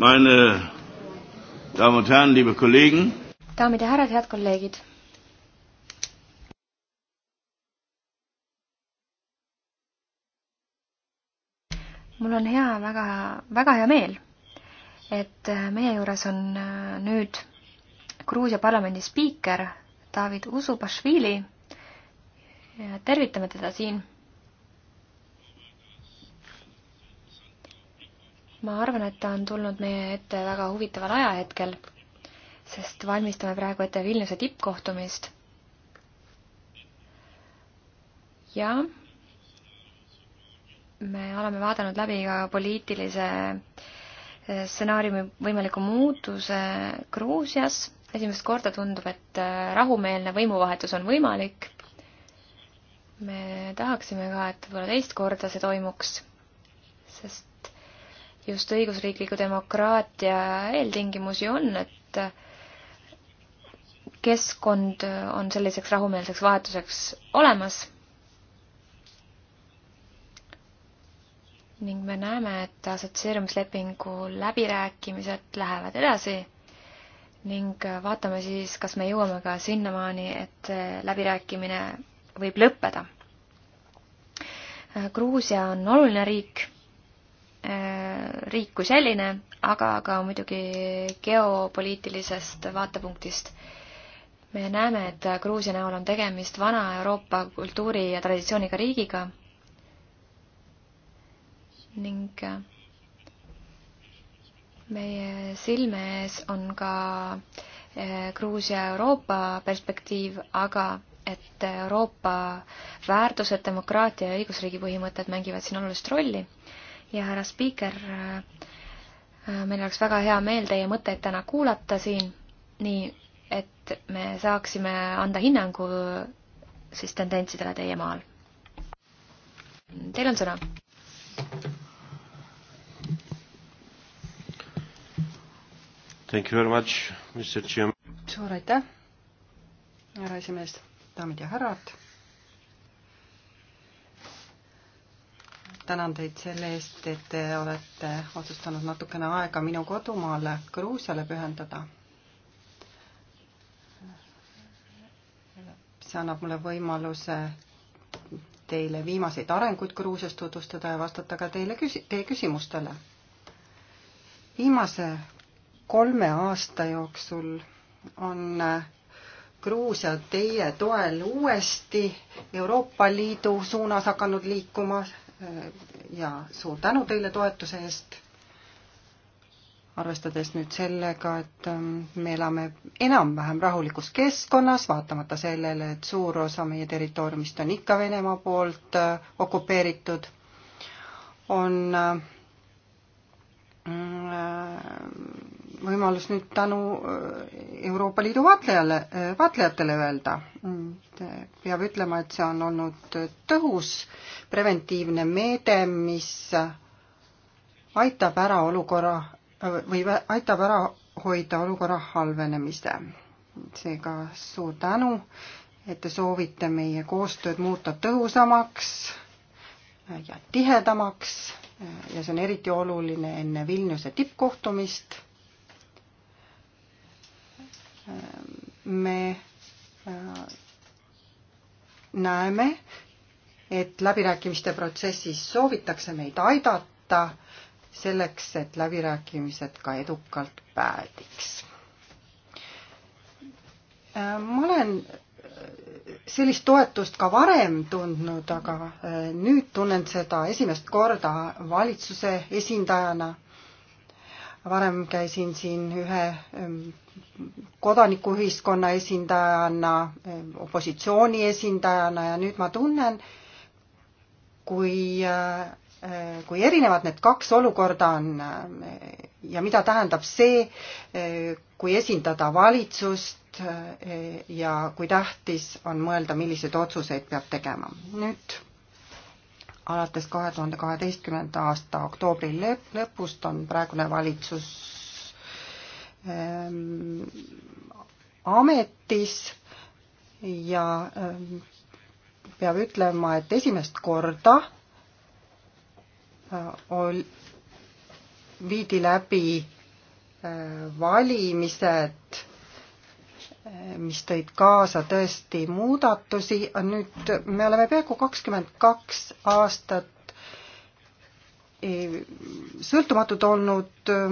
Meine Damen und Herren, liebe Kollegen. Daamid ja härrad, head kolleegid. mul on hea, väga, väga hea meel, et meie juures on nüüd Gruusia parlamendi spiiker David Usubašvili. tervitame teda siin ma arvan, et ta on tulnud meie ette väga huvitaval ajahetkel, sest valmistame praegu ette Vilniuse tippkohtumist. ja me oleme vaadanud läbi ka poliitilise eh, stsenaariumi võimaliku muutuse Gruusias. esimest korda tundub, et eh, rahumeelne võimuvahetus on võimalik. me tahaksime ka, et võib-olla teist korda see toimuks, sest just õigusriikliku demokraatia eeltingimusi on, et keskkond on selliseks rahumeelseks vahetuseks olemas. ning me näeme, et assotsieerumislepingu läbirääkimised lähevad edasi ning vaatame siis, kas me jõuame ka sinnamaani, et läbirääkimine võib lõppeda. Gruusia on oluline riik riik kui selline, aga ka muidugi geopoliitilisest vaatepunktist. me näeme, et Gruusia näol on tegemist vana Euroopa kultuuri ja traditsiooniga riigiga ning meie silme ees on ka eh, Gruusia Euroopa perspektiiv, aga et Euroopa väärtused, demokraatia ja õigusriigi põhimõtted mängivad siin olulist rolli ja härra spiiker, äh, meil oleks väga hea meel teie mõtteid täna kuulata siin, nii et me saaksime anda hinnangu siis tendentsidele teie maal. Teil on sõna. Thank you very much, Mr Jim. suur aitäh, härra esimees, daamid ja härrad tänan teid selle eest, et te olete otsustanud natukene aega minu kodumaale Gruusiale pühendada. see annab mulle võimaluse teile viimaseid arenguid Gruusias tutvustada ja vastata ka teile küsi-, teie küsimustele. viimase kolme aasta jooksul on Gruusia teie toel uuesti Euroopa Liidu suunas hakanud liikuma, ja suur tänu teile toetuse eest, arvestades nüüd sellega, et ähm, me elame enam-vähem rahulikus keskkonnas, vaatamata sellele, et suur osa meie territooriumist on ikka Venemaa poolt äh, okupeeritud, on äh, mm, äh, võimalus nüüd tänu äh, Euroopa Liidu vaatlejale, äh, vaatlejatele öelda. peab ütlema, et see on olnud tõhus preventiivne meede, mis aitab ära olukorra äh, või aitab ära hoida olukorra halvenemise. seega suur tänu, et te soovite meie koostööd muuta tõhusamaks ja tihedamaks ja see on eriti oluline enne Vilniuse tippkohtumist me äh, näeme, et läbirääkimiste protsessis soovitakse meid aidata selleks, et läbirääkimised ka edukalt päädiks. Äh, ma olen äh, sellist toetust ka varem tundnud, aga nüüd tunnen seda esimest korda valitsuse esindajana varem käisin siin ühe kodanikuühiskonna esindajana, opositsiooni esindajana ja nüüd ma tunnen, kui, eh, kui erinevad need kaks olukorda on eh, ja mida tähendab see, eh, kui esindada valitsust ja kui tähtis on mõelda, milliseid otsuseid peab tegema. nüüd alates kahe tuhande kaheteistkümnenda aasta oktoobri lõpust on praegune valitsus ähm, ametis ja ähm, peab ütlema, et esimest korda äh, ol, viidi läbi äh, valimised mis tõid kaasa tõesti muudatusi, nüüd me oleme peaaegu kakskümmend kaks aastat e, sõltumatud olnud. E,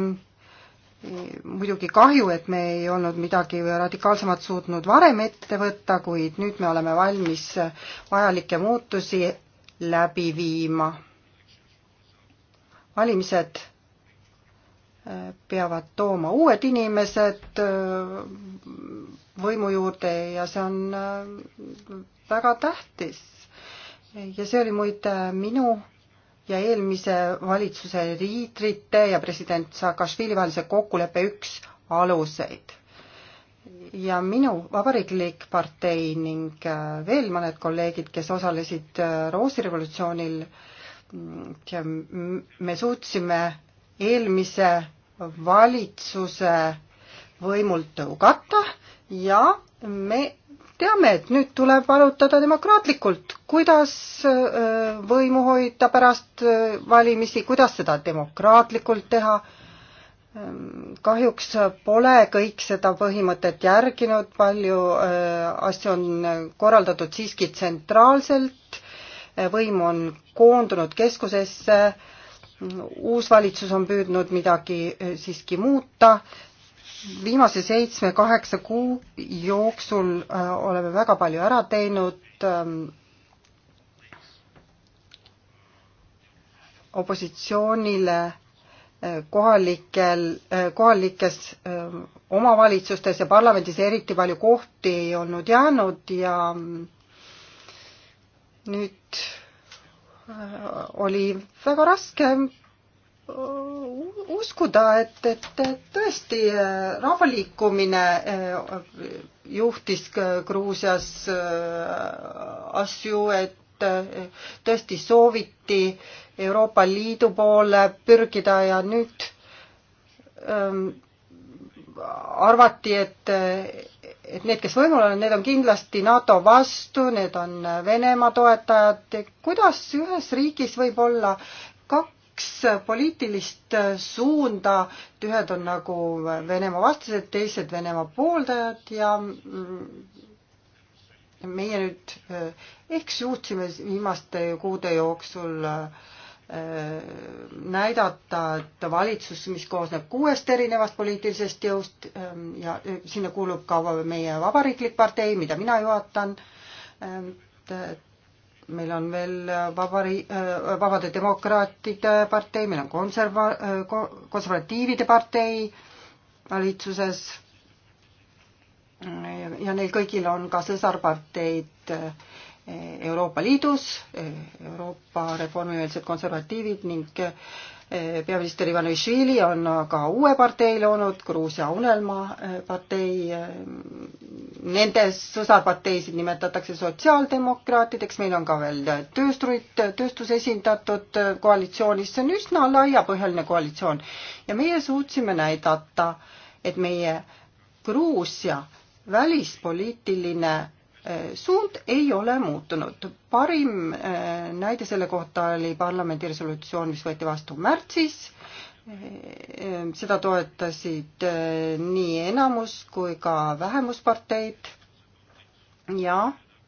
muidugi kahju, et me ei olnud midagi radikaalsemat suutnud varem ette võtta, kuid nüüd me oleme valmis vajalikke muutusi läbi viima. valimised e, peavad tooma uued inimesed võimu juurde ja see on äh, väga tähtis. ja see oli muide minu ja eelmise valitsuse liidrite ja president Saakašvili vahelise kokkuleppe üks aluseid. ja minu Vabariiklik partei ning äh, veel mõned kolleegid, kes osalesid äh, roosirevolutsioonil, mm, me suutsime eelmise valitsuse võimult tõugata ja me teame, et nüüd tuleb arutada demokraatlikult, kuidas äh, võimu hoida pärast äh, valimisi, kuidas seda demokraatlikult teha. Ähm, kahjuks pole kõik seda põhimõtet järginud, palju äh, asju on korraldatud siiski tsentraalselt, võim on koondunud keskusesse uus valitsus on püüdnud midagi siiski muuta, viimase seitsme-kaheksa kuu jooksul äh, oleme väga palju ära teinud. Ähm, opositsioonile äh, kohalikel, äh, kohalikes omavalitsustes ja parlamendis eriti palju kohti ei olnud jäänud ja mm, nüüd oli väga raske Äh, uskuda, et, et tõesti äh, rahvaliikumine äh, juhtis Gruusias asju, et tõesti sooviti Euroopa Liidu poole pürgida ja nüüd ähm, arvati, et, et need, kes võimul on, need on kindlasti NATO vastu, need on Venemaa toetajad. kuidas ühes riigis võib olla kaks kaks poliitilist suunda, et ühed on nagu Venemaa vastased, teised Venemaa pooldajad ja mm, meie nüüd eks eh, suutsime viimaste kuude jooksul eh, näidata, et valitsus, mis koosneb kuuest erinevast poliitilisest jõust eh, ja sinna kuulub ka meie vabariiklik partei, mida mina juhatan, et meil on veel äh, vabari-, äh, Vabade Demokraatide partei, meil on konserva-, äh, konservatiivide partei valitsuses ja neil kõigil on ka sõsarparteid Euroopa Liidus, Euroopa reformimeelsed konservatiivid ning peaminister Ivanovišvili on ka uue partei loonud, Gruusia Unelma eh, partei. Eh, nende sõsarparteisid nimetatakse sotsiaaldemokraatideks, meil on ka veel töösturid, tööstus esindatud koalitsioonis, see on üsna laiapõhjaline koalitsioon. ja meie suutsime näidata, et meie Gruusia välispoliitiline Äh, suund ei ole muutunud. parim äh, näide selle kohta oli parlamendi resolutsioon, mis võeti vastu märtsis. Äh, seda toetasid nii enamus kui ka vähemusparteid. ja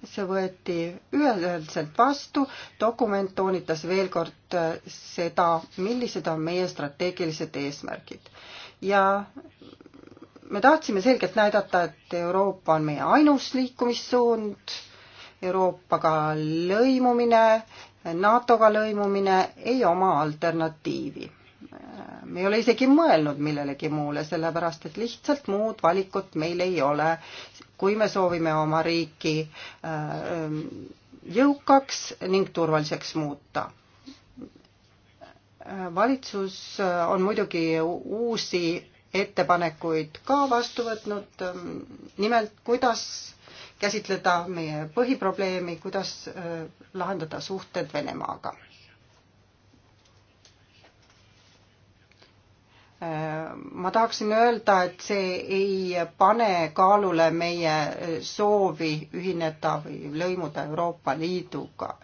see võeti üheselt vastu. dokument toonitas veel kord seda, millised on meie strateegilised eesmärgid. ja me tahtsime selgelt näidata, et Euroopa on meie ainus liikumissuund, Euroopaga lõimumine, NATO-ga lõimumine ei oma alternatiivi. me ei ole isegi mõelnud millelegi muule, sellepärast et lihtsalt muud valikut meil ei ole, kui me soovime oma riiki äh, jõukaks ning turvaliseks muuta äh, valitsus äh, on muidugi uusi ettepanekuid ka vastu võtnud, nimelt kuidas käsitleda meie põhiprobleemi, kuidas äh, lahendada suhted Venemaaga. Äh, ma tahaksin öelda, et see ei pane kaalule meie äh, soovi ühineda või lõimuda Euroopa Liiduga.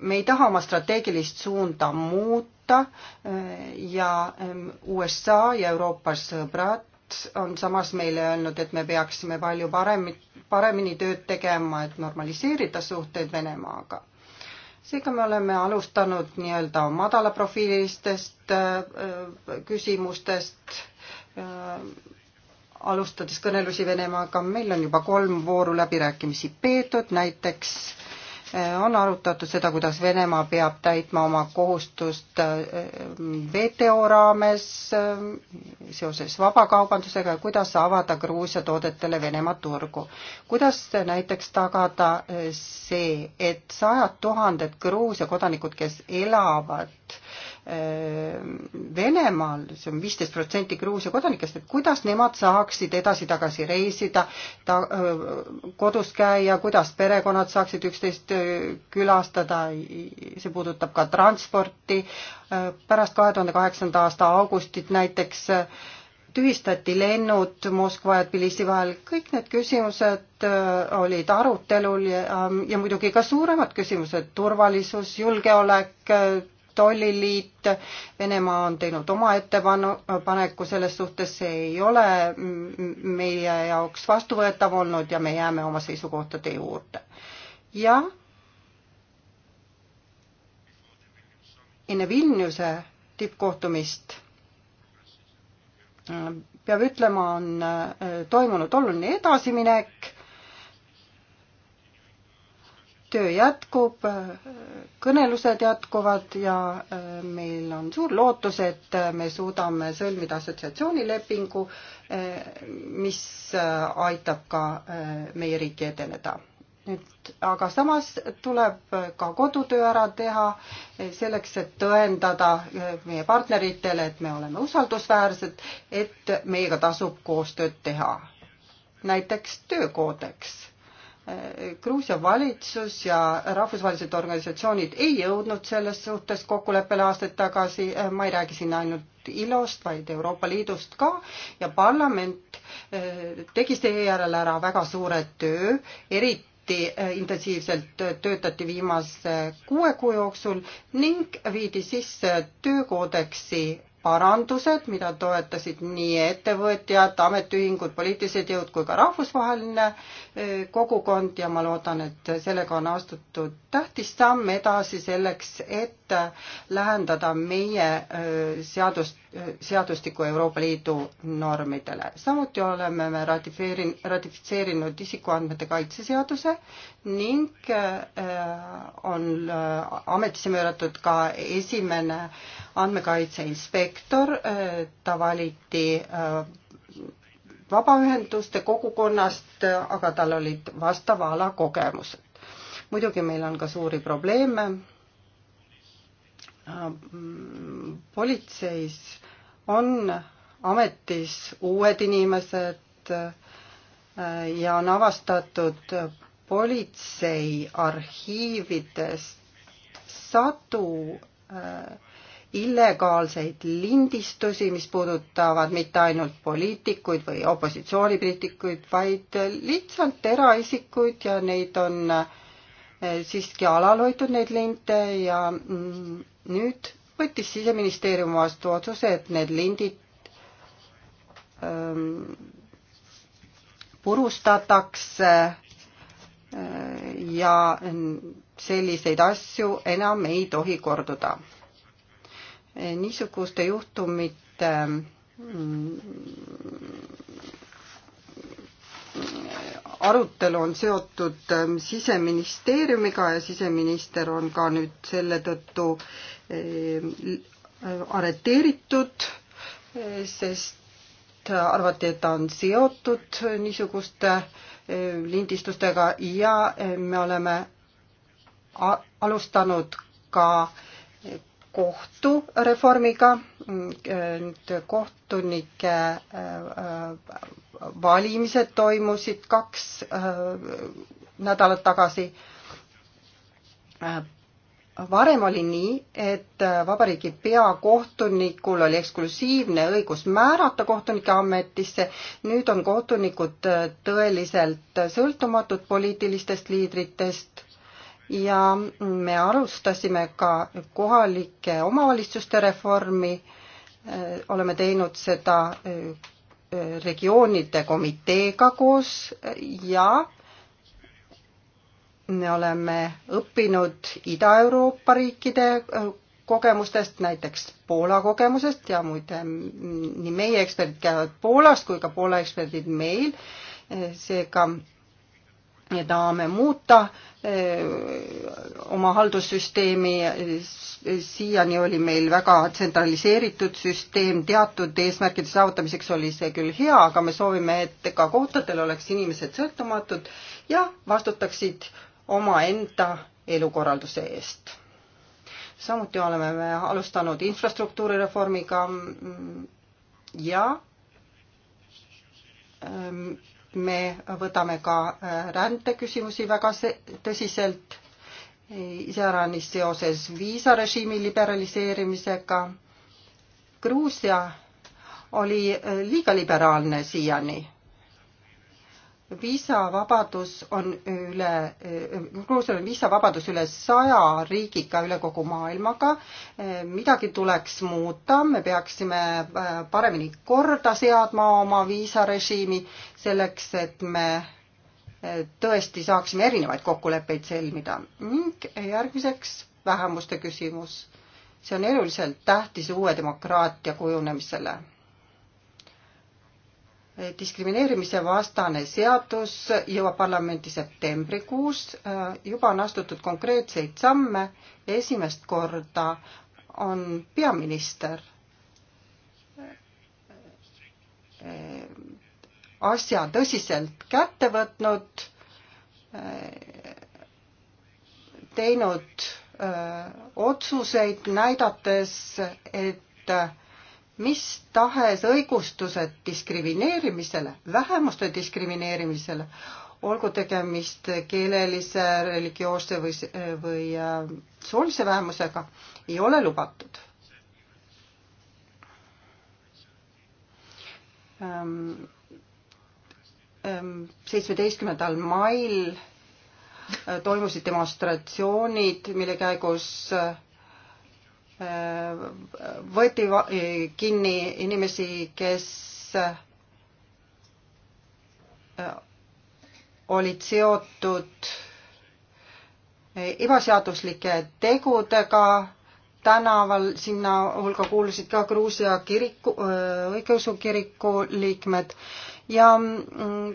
me ei taha oma strateegilist suunda muuta, kohta eh, ja USA ja Euroopa sõbrad on samas meile öelnud, et me peaksime palju paremi, paremini tööd tegema, et normaliseerida suhteid Venemaaga. seega me oleme alustanud nii-öelda madalaprofiilistest eh, küsimustest, eh, alustades kõnelusi Venemaaga, meil on juba kolm vooru läbirääkimisi peetud, näiteks äh, Äh, on arutatud seda, kuidas Venemaa peab täitma oma kohustust äh, WTO raames äh, seoses vabakaubandusega ja kuidas avada Gruusia toodetele Venemaa turgu. kuidas näiteks tagada see, et sajad tuhanded Gruusia kodanikud, kes elavad Venemaal, see on viisteist protsenti Gruusia kodanikest, et kuidas nemad saaksid edasi-tagasi reisida, ta-, kodus käia, kuidas perekonnad saaksid üksteist külastada, see puudutab ka transporti, pärast kahe tuhande kaheksanda aasta augustit näiteks tühistati lennud Moskva ja Tbilisi vahel, kõik need küsimused olid arutelul ja, ja muidugi ka suuremad küsimused, turvalisus, julgeolek, tolliliit, Venemaa on teinud oma ettepaneku selles suhtes, see ei ole meie jaoks vastuvõetav olnud ja me jääme oma seisukohtade juurde. ja enne Vilniuse tippkohtumist äh, peab ütlema, on äh, toimunud oluline edasiminek töö jätkub, kõnelused jätkuvad ja äh, meil on suur lootus, et äh, me suudame sõlmida assotsiatsioonilepingu, äh, mis aitab ka meie riiki edeneda. nüüd aga samas tuleb ka kodutöö ära teha selleks, et tõendada meie partneritele, et me oleme usaldusväärsed, et meiega tasub koostööd teha. näiteks töökoodeks Gruusia valitsus ja rahvusvahelised organisatsioonid ei jõudnud selles suhtes kokkuleppele aastaid tagasi, ma ei räägi siin ainult ILO-st, vaid Euroopa Liidust ka ja parlament eh, tegi seejärel ära väga suure töö, eriti eh, intensiivselt töötati viimase kuue kuu jooksul ning viidi sisse töökoodeksi parandused, mida toetasid nii ettevõtjad, ametiühingud, poliitilised jõud kui ka rahvusvaheline eh, kogukond ja ma loodan, et sellega on astutud tähtis samm edasi selleks, et lähendada meie eh, seadust seadustiku Euroopa Liidu normidele. samuti oleme me ratifeerin-, ratifitseerinud isikuandmete kaitse seaduse ning äh, on äh, ametisse määratud ka esimene andmekaitse inspektor, äh, ta valiti vabaühenduste kogukonnast, aga tal olid vastava ala kogemused. muidugi meil on ka suuri probleeme politseis on ametis uued inimesed äh, ja on avastatud politsei arhiividest sadu äh, illegaalseid lindistusi, mis puudutavad mitte ainult poliitikuid või opositsioonipoliitikuid, vaid lihtsalt eraisikuid ja neid on äh, siiski alal hoitud, neid linte ja mm, nüüd võttis siseministeerium vastu otsuse, et need lindid ähm, purustatakse äh, ja selliseid asju enam ei tohi korduda. Äh, niisuguste juhtumite ähm, arutelu on seotud ähm, siseministeeriumiga ja siseminister on ka nüüd selle tõttu Eh, arreteeritud, eh, sest arvati, et ta on seotud niisuguste eh, lindistustega ja me oleme alustanud ka kohtureformiga, nüüd kohtunike valimised toimusid kaks nädalat tagasi varem oli nii, et äh, vabariigi peakohtunikul oli eksklusiivne õigus määrata kohtunike ametisse, nüüd on kohtunikud äh, tõeliselt sõltumatud poliitilistest liidritest ja me alustasime ka kohalike omavalitsuste reformi, äh, oleme teinud seda regioonide komiteega koos ja me oleme õppinud Ida-Euroopa riikide äh, kogemustest, näiteks Poola kogemusest ja muide nii meie eksperdid käivad Poolas kui ka Poola eksperdid meil, äh, seega me tahame muuta äh, oma haldussüsteemi, siiani oli meil väga tsentraliseeritud süsteem, teatud eesmärkide saavutamiseks oli see küll hea, aga me soovime, et ka kohtadel oleks inimesed sõltumatud ja vastutaksid omaenda elukorralduse eest. samuti oleme me alustanud infrastruktuurireformiga mm, ja mm, me võtame ka äh, rändeküsimusi väga tõsiselt, iseäranis seoses viisarežiimi liberaliseerimisega. Gruusia oli äh, liiga liberaalne siiani viisavabadus on üle, Gruusial on viisavabadus üle saja riigiga üle kogu maailmaga. midagi tuleks muuta, me peaksime äh, paremini korda seadma oma viisarežiimi selleks, et me äh, tõesti saaksime erinevaid kokkuleppeid sõlmida. ning järgmiseks vähemuste küsimus. see on eluliselt tähtis uue demokraatia kujunemisele diskrimineerimise vastane seadus jõuab parlamenti septembrikuus, juba on astutud konkreetseid samme ja esimest korda on peaminister eh, asja tõsiselt kätte võtnud, eh, teinud öö, eh, otsuseid, näidates, et öö, mis tahes õigustused diskrimineerimisele, vähemuste diskrimineerimisele, olgu tegemist keelelise, religioosse või, või äh, soolise vähemusega, ei ole lubatud. Ähm, ähm, seitsmeteistkümnendal mail äh, toimusid demonstratsioonid, mille käigus äh, võeti kinni inimesi, kes äh, olid seotud äh, ebaseaduslike tegudega tänaval, sinna hulka kuulusid ka Gruusia kiriku, äh, õigeusu kiriku liikmed ja mm,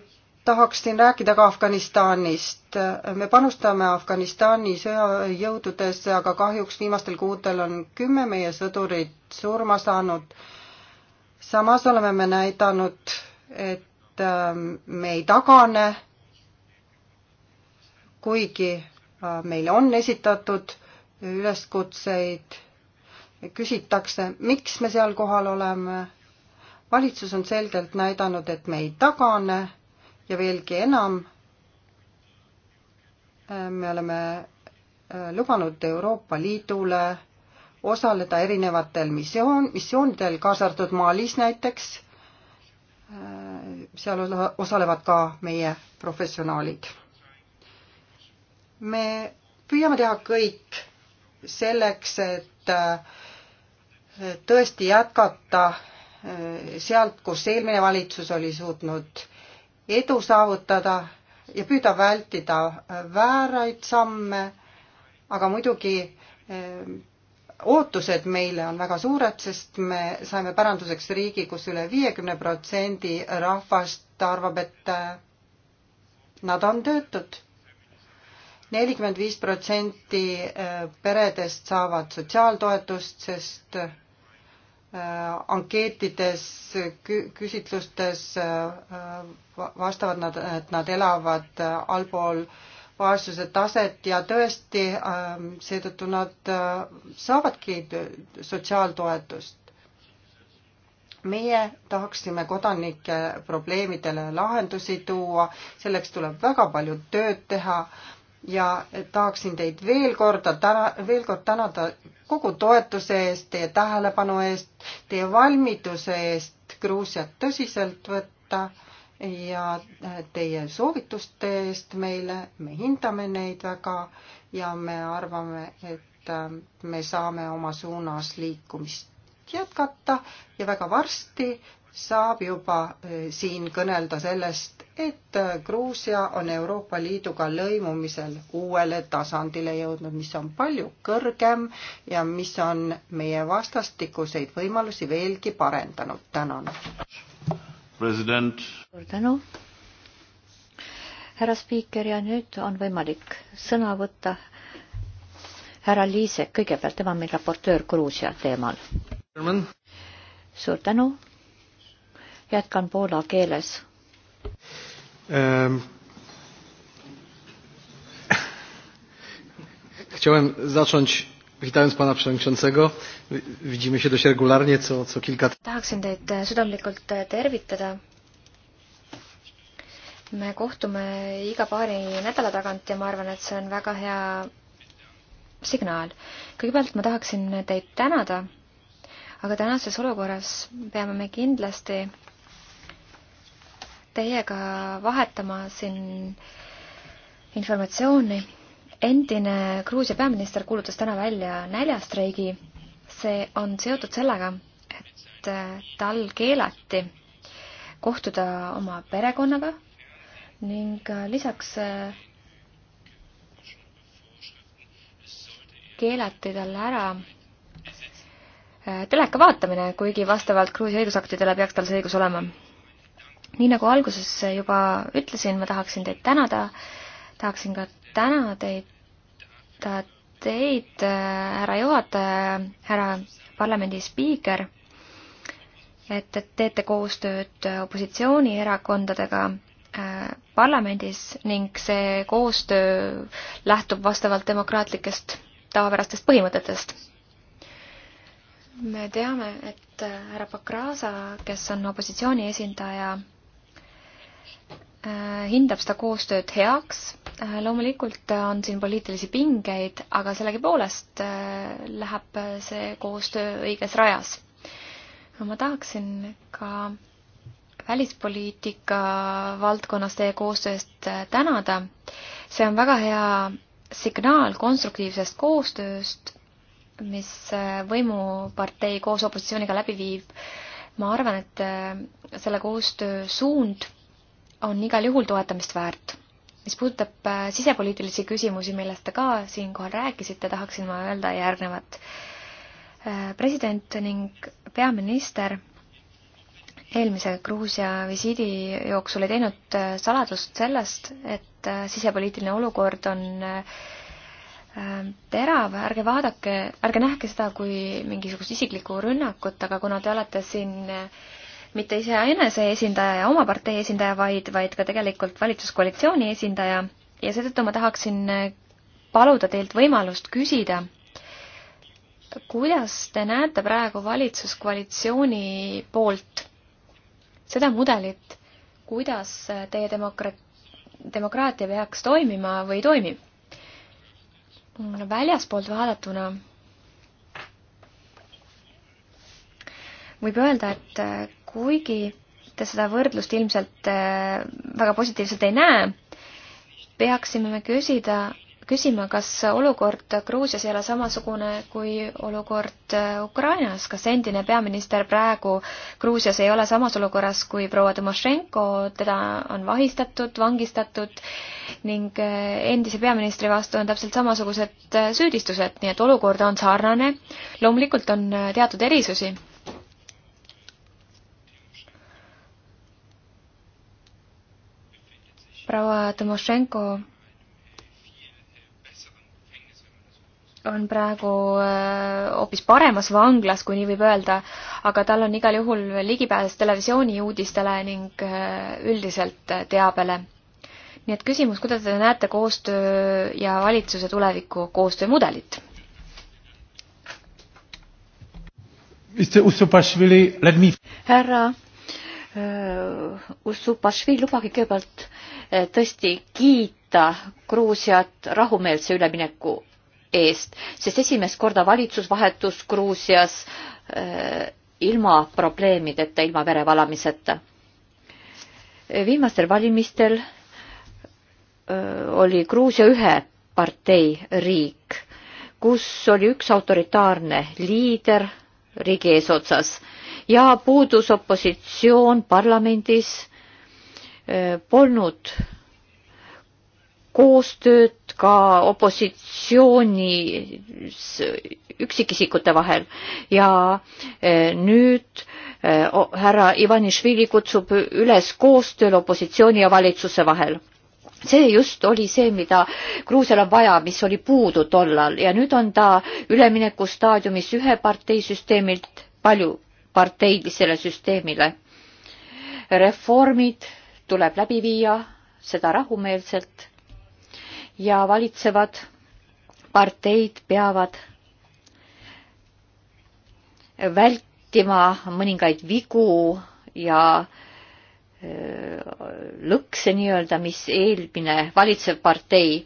tahaksin rääkida ka Afganistanist. me panustame Afganistani sõjajõududesse, aga kahjuks viimastel kuudel on kümme meie sõdurit surma saanud. samas oleme me näidanud, et ähm, me ei tagane, kuigi äh, meile on esitatud üleskutseid, küsitakse, miks me seal kohal oleme. valitsus on selgelt näidanud, et me ei tagane ja veelgi enam, äh, me oleme äh, lubanud Euroopa Liidule osaleda erinevatel missioon, missioonidel, kaasa arvatud Malis näiteks, äh, seal osalevad ka meie professionaalid. me püüame teha kõik selleks, et tõesti jätkata sealt, kus eelmine valitsus oli suutnud edu saavutada ja püüda vältida äh, vääraid samme, aga muidugi äh, ootused meile on väga suured, sest me saime päranduseks riigi, kus üle viiekümne protsendi rahvast arvab, et äh, nad on töötud. nelikümmend viis protsenti peredest saavad sotsiaaltoetust, sest Äh, ankeetides, küsitlustes äh, vastavad nad, et nad elavad äh, allpool vaesuse taset ja tõesti seetõttu nad saavadki sotsiaaltoetust. meie tahaksime kodanike probleemidele lahendusi tuua, selleks tuleb väga palju tööd teha ja tahaksin teid veel korda täna, veel kord tänada kogu toetuse eest, teie tähelepanu eest, teie valmiduse eest Gruusiat tõsiselt võtta ja äh, teie soovituste eest meile, me hindame neid väga ja me arvame, et äh, me saame oma suunas liikumist jätkata ja väga varsti saab juba eh, siin kõnelda sellest, et eh, Gruusia on Euroopa Liiduga lõimumisel uuele tasandile jõudnud, mis on palju kõrgem ja mis on meie vastastikuseid võimalusi veelgi parendanud. tänan. president. suur tänu. härra spiiker ja nüüd on võimalik sõna võtta härra Liisek, kõigepealt tema on meil raportöör Gruusia teemal. suur tänu jätkan poola keeles um,. Chciałem zacząć witając pana przewodniczącego. Widzimy się dość regularnie co, co kilka Tahaksin teid e, südamlikult e, tervitada. Me kohtume iga paari nädala tagant ja ma arvan, et see on väga hea signaal. Kõigepealt ma tahaksin teid tänada, aga tänases olukorras peame me kindlasti teiega vahetama siin informatsiooni. endine Gruusia peaminister kuulutas täna välja näljastreigi. see on seotud sellega, et äh, tal keelati kohtuda oma perekonnaga ning äh, lisaks äh, keelati talle ära teleka vaatamine, kuigi vastavalt Gruusia õigusaktidele peaks tal see õigus olema nii nagu alguses juba ütlesin, ma tahaksin teid tänada, tahaksin ka tänada teid, teid, härra juhataja, härra parlamendi spiiker, et te teete koostööd opositsioonierakondadega äh, parlamendis ning see koostöö lähtub vastavalt demokraatlikest tavapärastest põhimõtetest. me teame, et äh, härra Pakrasa, kes on opositsiooni esindaja Äh, hindab seda koostööd heaks. Äh, loomulikult on siin poliitilisi pingeid, aga sellegipoolest äh, läheb see koostöö õiges rajas. ma tahaksin ka välispoliitika valdkonnas teie koostöö eest tänada. see on väga hea signaal konstruktiivsest koostööst, mis võimupartei koos opositsiooniga läbi viib. ma arvan, et selle koostöö suund on igal juhul toetamist väärt. mis puudutab äh, sisepoliitilisi küsimusi, millest te ka siinkohal rääkisite, tahaksin ma öelda järgnevat. Äh, president ning peaminister eelmise Gruusia visiidi jooksul ei teinud äh, saladust sellest, et sisepoliitiline olukord on terav, ärge vaadake, ärge nähke seda kui mingisugust isiklikku rünnakut, aga kuna te olete siin äh, mitte iseenese esindaja ja oma partei esindaja, vaid, vaid ka tegelikult valitsuskoalitsiooni esindaja ja seetõttu ma tahaksin äh, paluda teilt võimalust küsida, kuidas te näete praegu valitsuskoalitsiooni poolt seda mudelit, kuidas äh, teie demokraat-, demokraatia peaks toimima või toimib? väljaspoolt vaadatuna võib öelda, et äh, kuigi te seda võrdlust ilmselt äh, väga positiivselt ei näe, peaksime me küsida, küsima, kas olukord Gruusias ei ole samasugune kui olukord äh, Ukrainas, kas endine peaminister praegu Gruusias ei ole samas olukorras kui proua Tomašenko, teda on vahistatud, vangistatud ning endise peaministri vastu on täpselt samasugused süüdistused, nii et olukord on sarnane. loomulikult on teatud erisusi proua Tomošenko on praegu äh, hoopis paremas vanglas, kui nii võib öelda, aga tal on igal juhul ligipääs televisiooni uudistele ning äh, üldiselt äh, teabele. nii et küsimus, kuidas te näete koostöö ja valitsuse tuleviku koostöömudelit? härra Ussupašvili, lubage kõigepealt Eh, tõesti kiita Gruusiat rahumeelse ülemineku eest, sest esimest korda valitsus vahetus Gruusias eh, ilma probleemideta, ilma verevalamiseta. viimastel valimistel eh, oli Gruusia ühe partei riik, kus oli üks autoritaarne liider riigi eesotsas ja puudus opositsioon parlamendis Äh, polnud koostööd ka opositsiooni üksikisikute vahel ja äh, nüüd äh, härra Ivanišvili kutsub üles koostööle opositsiooni ja valitsuse vahel. see just oli see, mida Gruusial on vaja, mis oli puudu tollal ja nüüd on ta üleminekustaadiumis ühe parteisüsteemilt palju parteilisele süsteemile. reformid tuleb läbi viia, seda rahumeelselt ja valitsevad parteid peavad vältima mõningaid vigu ja äh, lõkse nii-öelda, mis eelmine valitsev partei äh,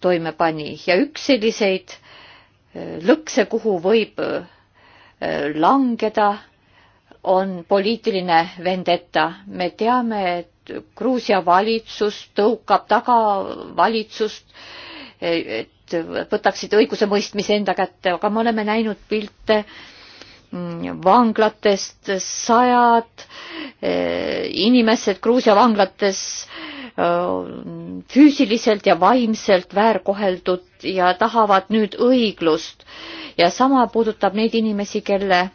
toime pani ja üks selliseid äh, lõkse, kuhu võib langeda on poliitiline vendetta. me teame, et Gruusia valitsus tõukab taga valitsust, et võtaksid õigusemõistmise enda kätte, aga me oleme näinud pilte mm, vanglatest, sajad eh, inimesed Gruusia vanglates eh, füüsiliselt ja vaimselt väärkoheldud ja tahavad nüüd õiglust. ja sama puudutab neid inimesi, kelle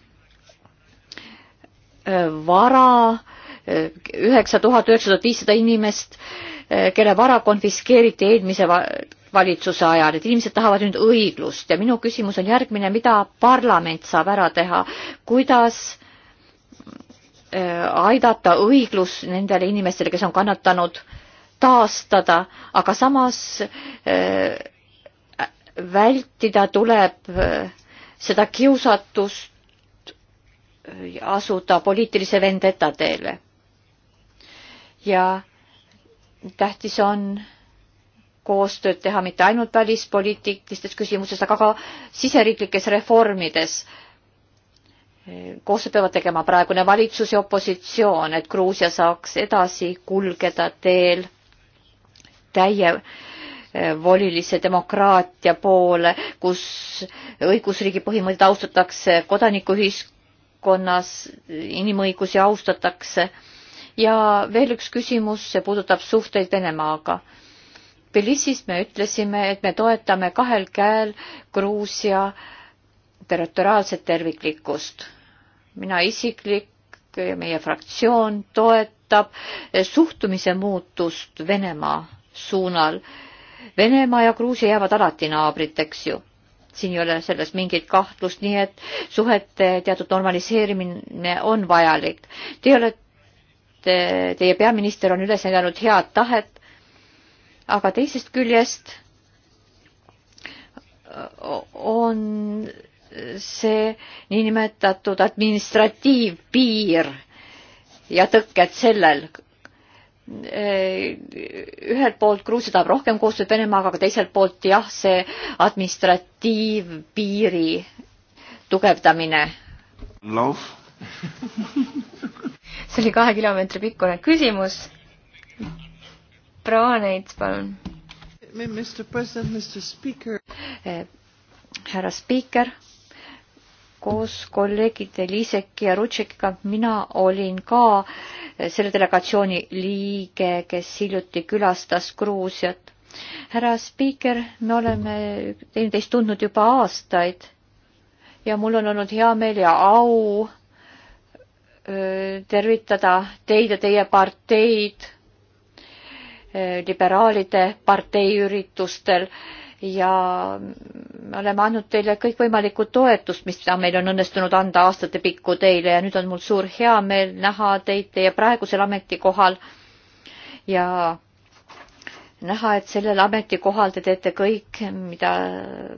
Äh, vara, äh, üheksa tuhat üheksasada viissada inimest, äh, kelle vara konfiskeeriti eelmise valitsuse ajal, et inimesed tahavad nüüd õiglust ja minu küsimus on järgmine, mida parlament saab ära teha, kuidas aidata õiglus nendele inimestele, kes on kannatanud, taastada, aga samas vältida tuleb seda kiusatust asuda poliitilise vendeta teele. ja tähtis on koostööd teha mitte ainult välispoliitilistes küsimustes, aga ka siseriiklikes reformides. koostööd peavad tegema praegune valitsus ja opositsioon, et Gruusia saaks edasi kulgeda teel täie eh, volilise demokraatia poole, kus õigusriigi põhimõtteid austatakse, kodanikuühiskond valdkonnas inimõigusi austatakse. ja veel üks küsimus, see puudutab suhteid Venemaaga. Tbilisis me ütlesime, et me toetame kahel käel Gruusia territoriaalset terviklikkust. mina isiklik ja meie fraktsioon toetab suhtumise muutust Venemaa suunal. Venemaa ja Gruusia jäävad alati naabriteks ju siin ei ole selles mingit kahtlust, nii et suhete teatud normaliseerimine on vajalik. Te olete, teie peaminister on üles näidanud head tahet, aga teisest küljest on see niinimetatud administratiivpiir ja tõkked sellel Äh, ühelt poolt Gruusia tahab rohkem koostööd Venemaaga, aga teiselt poolt jah, see administratiivpiiri tugevdamine. see oli kahe kilomeetri pikkune küsimus. proua Neits, palun. Äh, härra spiiker koos kolleegide Liisek ja Rutšekiga, mina olin ka selle delegatsiooni liige, kes hiljuti külastas Gruusiat. härra spiiker, me oleme teineteist tundnud juba aastaid ja mul on olnud hea meel ja au tervitada teid ja teie parteid liberaalide partei üritustel ja me oleme andnud teile kõikvõimalikku toetust, mis meil on õnnestunud anda aastatepikku teile ja nüüd on mul suur heameel näha teid teie praegusel ametikohal ja näha, et sellel ametikohal te teete kõik, mida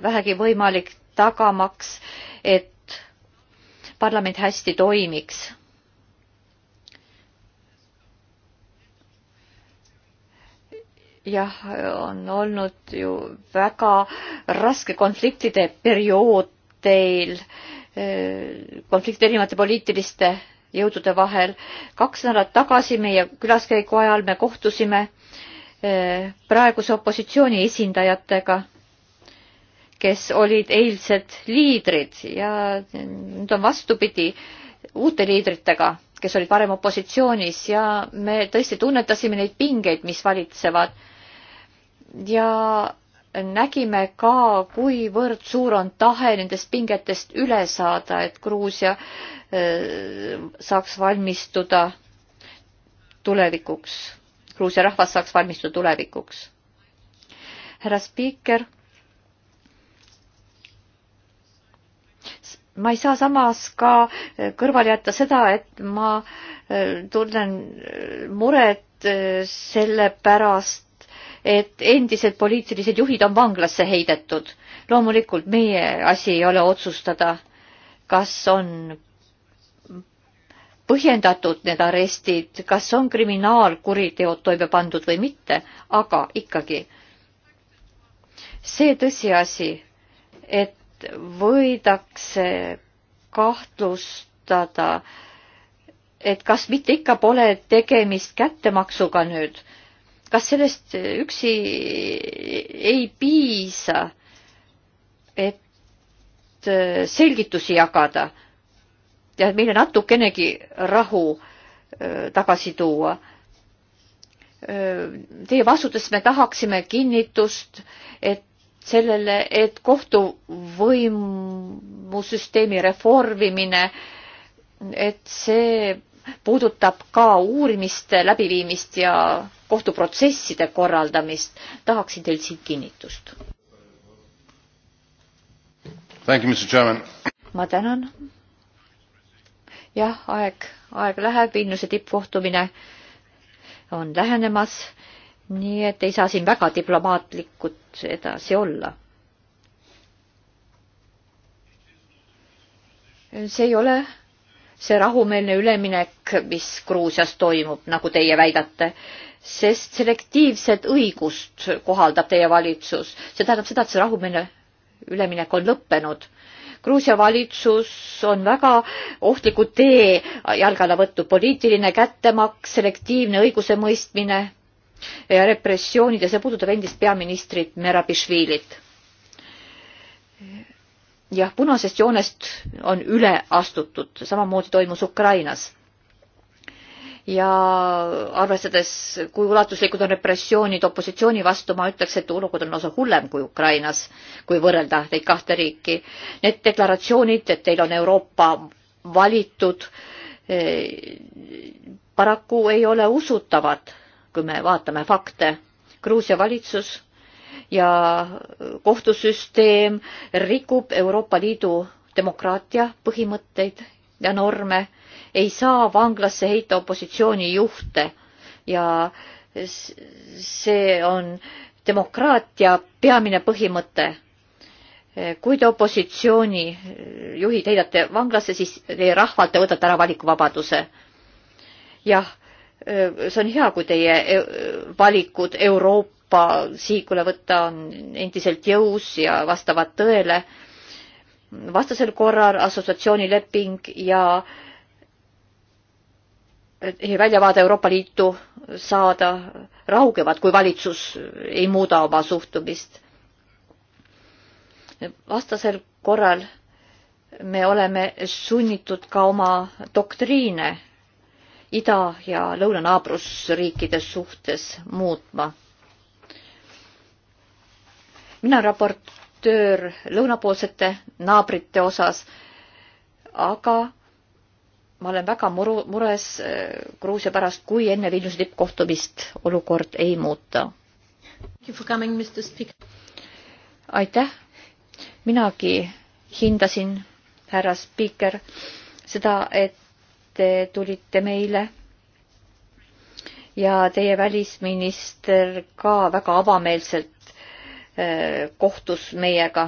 vähegi võimalik, tagamaks, et parlament hästi toimiks jah, on olnud ju väga raske konfliktide periood teil, eh, konflikt erinevate poliitiliste jõudude vahel. kaks nädalat tagasi meie külaskäigu ajal me kohtusime eh, praeguse opositsiooni esindajatega, kes olid eilsed liidrid ja nüüd on vastupidi uute liidritega kes olid varem opositsioonis ja me tõesti tunnetasime neid pingeid, mis valitsevad ja nägime ka, kuivõrd suur on tahe nendest pingetest üle saada, et Gruusia äh, saaks valmistuda tulevikuks, Gruusia rahvas saaks valmistuda tulevikuks. härra spiiker, ma ei saa samas ka kõrvale jätta seda, et ma äh, tunnen äh, muret selle pärast, et endised poliitilised juhid on vanglasse heidetud. loomulikult meie asi ei ole otsustada, kas on põhjendatud need arestid, kas on kriminaalkuriteod toime pandud või mitte, aga ikkagi see tõsiasi, et võidakse kahtlustada, et kas mitte ikka pole tegemist kättemaksuga nüüd kas sellest üksi ei piisa, et äh, selgitusi jagada ja meile natukenegi rahu äh, tagasi tuua? Äh, teie vastutest me tahaksime kinnitust, et sellele, et kohtuvõimusüsteemi reformimine, et see puudutab ka uurimist, läbiviimist ja kohtuprotsesside korraldamist, tahaksin teilt siin kinnitust. ma tänan. jah, aeg, aeg läheb, Vilniuse tippkohtumine on lähenemas, nii et ei saa siin väga diplomaatlikud edasi olla see ei ole see rahumeelne üleminek, mis Gruusias toimub, nagu teie väidate, sest selektiivset õigust kohaldab teie valitsus. see tähendab seda, et see rahumeelne üleminek on lõppenud. Gruusia valitsus on väga ohtliku tee jalge alla võtnud, poliitiline kättemaks, selektiivne õigusemõistmine ja repressioonid ja see puudutab endist peaministrit Merabišvilit jah, punasest joonest on üle astutud, samamoodi toimus Ukrainas. ja arvestades, kui ulatuslikud on repressioonid opositsiooni vastu, ma ütleks, et olukord on lausa hullem kui Ukrainas, kui võrrelda neid kahte riiki. Need deklaratsioonid, et teil on Euroopa valitud, eh, paraku ei ole usutavad, kui me vaatame fakte. Gruusia valitsus ja kohtusüsteem rikub Euroopa Liidu demokraatia põhimõtteid ja norme. ei saa vanglasse heita opositsioonijuhte ja see on demokraatia peamine põhimõte. kui te opositsioonijuhid heidate vanglasse, siis teie rahvalt te võtate ära valikuvabaduse. jah Äh, see on hea, kui teie äh, valikud Euroopa sihikule võtta on endiselt jõus ja vastavad tõele. vastasel korral assotsiatsioonileping äh, ja väljavaade Euroopa Liitu saada raugevad, kui valitsus ei muuda oma suhtumist. vastasel korral me oleme sunnitud ka oma doktriine ida ja lõunanaabrusriikide suhtes muutma. mina raportöör lõunapoolsete naabrite osas, aga ma olen väga muru, mures äh, Gruusia pärast, kui enne Vilniuse tippkohtumist olukord ei muuta. aitäh, minagi hindasin, härra spiiker, seda, et te tulite meile. ja teie välisminister ka väga avameelselt eh, kohtus meiega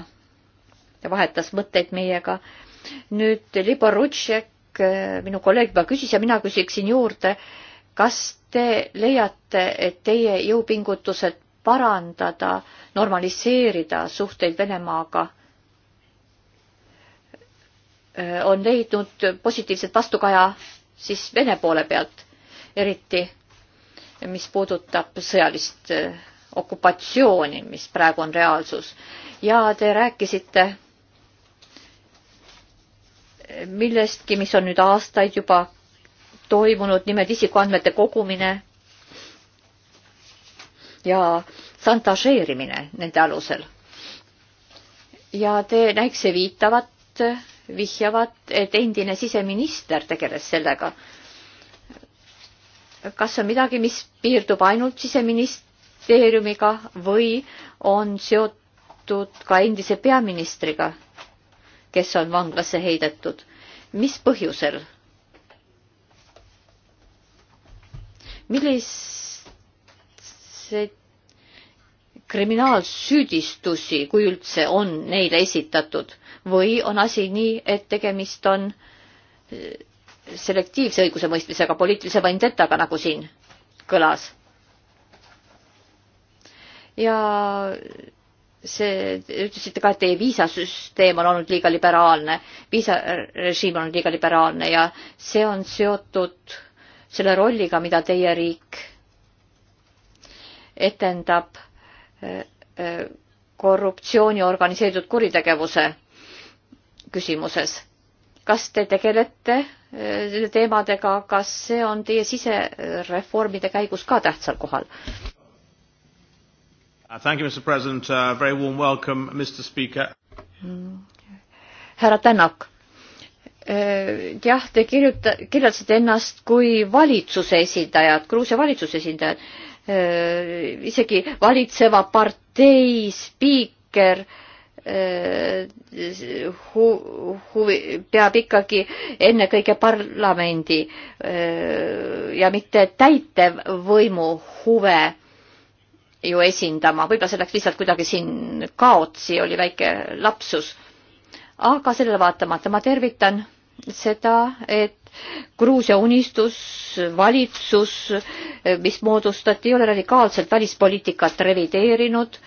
ja vahetas mõtteid meiega. nüüd Libor Rutšek, eh, minu kolleeg juba küsis ja mina küsiksin juurde, kas te leiate, et teie jõupingutused parandada, normaliseerida suhteid Venemaaga Äh, on leidnud positiivset vastukaja siis Vene poole pealt, eriti mis puudutab sõjalist äh, okupatsiooni, mis praegu on reaalsus. ja te rääkisite äh, millestki, mis on nüüd aastaid juba toimunud, nimelt isikuandmete kogumine ja šantažeerimine nende alusel. ja te näikse viitavat vihjavad, et endine siseminister tegeles sellega. kas see on midagi, mis piirdub ainult siseministeeriumiga või on seotud ka endise peaministriga, kes on vanglasse heidetud? mis põhjusel? milliseid kriminaalsüüdistusi, kui üldse on neile esitatud või on asi nii, et tegemist on eh, selektiivse õigusemõistmisega, poliitilise vendetaga, nagu siin kõlas. ja see, ütlesite ka, et teie viisasüsteem on olnud liiga liberaalne, viisarežiim on olnud liiga liberaalne ja see on seotud selle rolliga, mida teie riik etendab korruptsiooni organiseeritud kuritegevuse küsimuses. kas te tegelete nende teemadega, kas see on teie sisereformide käigus ka tähtsal kohal? Uh, thank you, Mr President uh,, very warm welcome, Mr Speaker mm.. härra Tänak e, jah, te kirjuta-, kirjeldasite ennast kui valitsuse esindajat, Gruusia valitsuse esindajat Äh, isegi valitseva partei spiiker äh, hu-, huvi, peab ikkagi ennekõike parlamendi äh, ja mitte täitevvõimu huve ju esindama, võib-olla see läks lihtsalt kuidagi siin kaotsi, oli väike lapsus. aga sellele vaatamata ma tervitan seda, et Gruusia unistus, valitsus, mis moodustati, ei ole radikaalselt välispoliitikat revideerinud,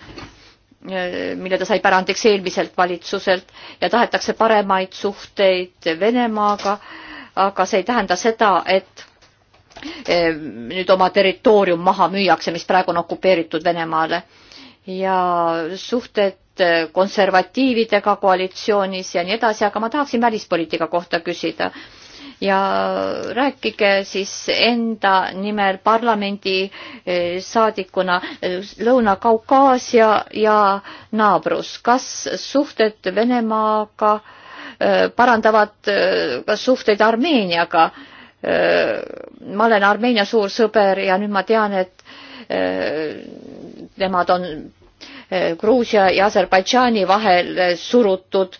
mille ta sai pärandiks eelmiselt valitsuselt ja tahetakse paremaid suhteid Venemaaga, aga see ei tähenda seda, et e, nüüd oma territoorium maha müüakse, mis praegu on okupeeritud Venemaale. ja suhted konservatiividega koalitsioonis ja nii edasi, aga ma tahaksin välispoliitika kohta küsida ja rääkige siis enda nimel parlamendi eh, saadikuna eh, Lõuna-Kaukaasia ja naabrus, kas suhted Venemaaga eh, parandavad ka suhteid Armeeniaga? ma olen Armeenia suur sõber ja nüüd ma tean, et nemad on Gruusia ja Aserbaidžaani vahel surutud.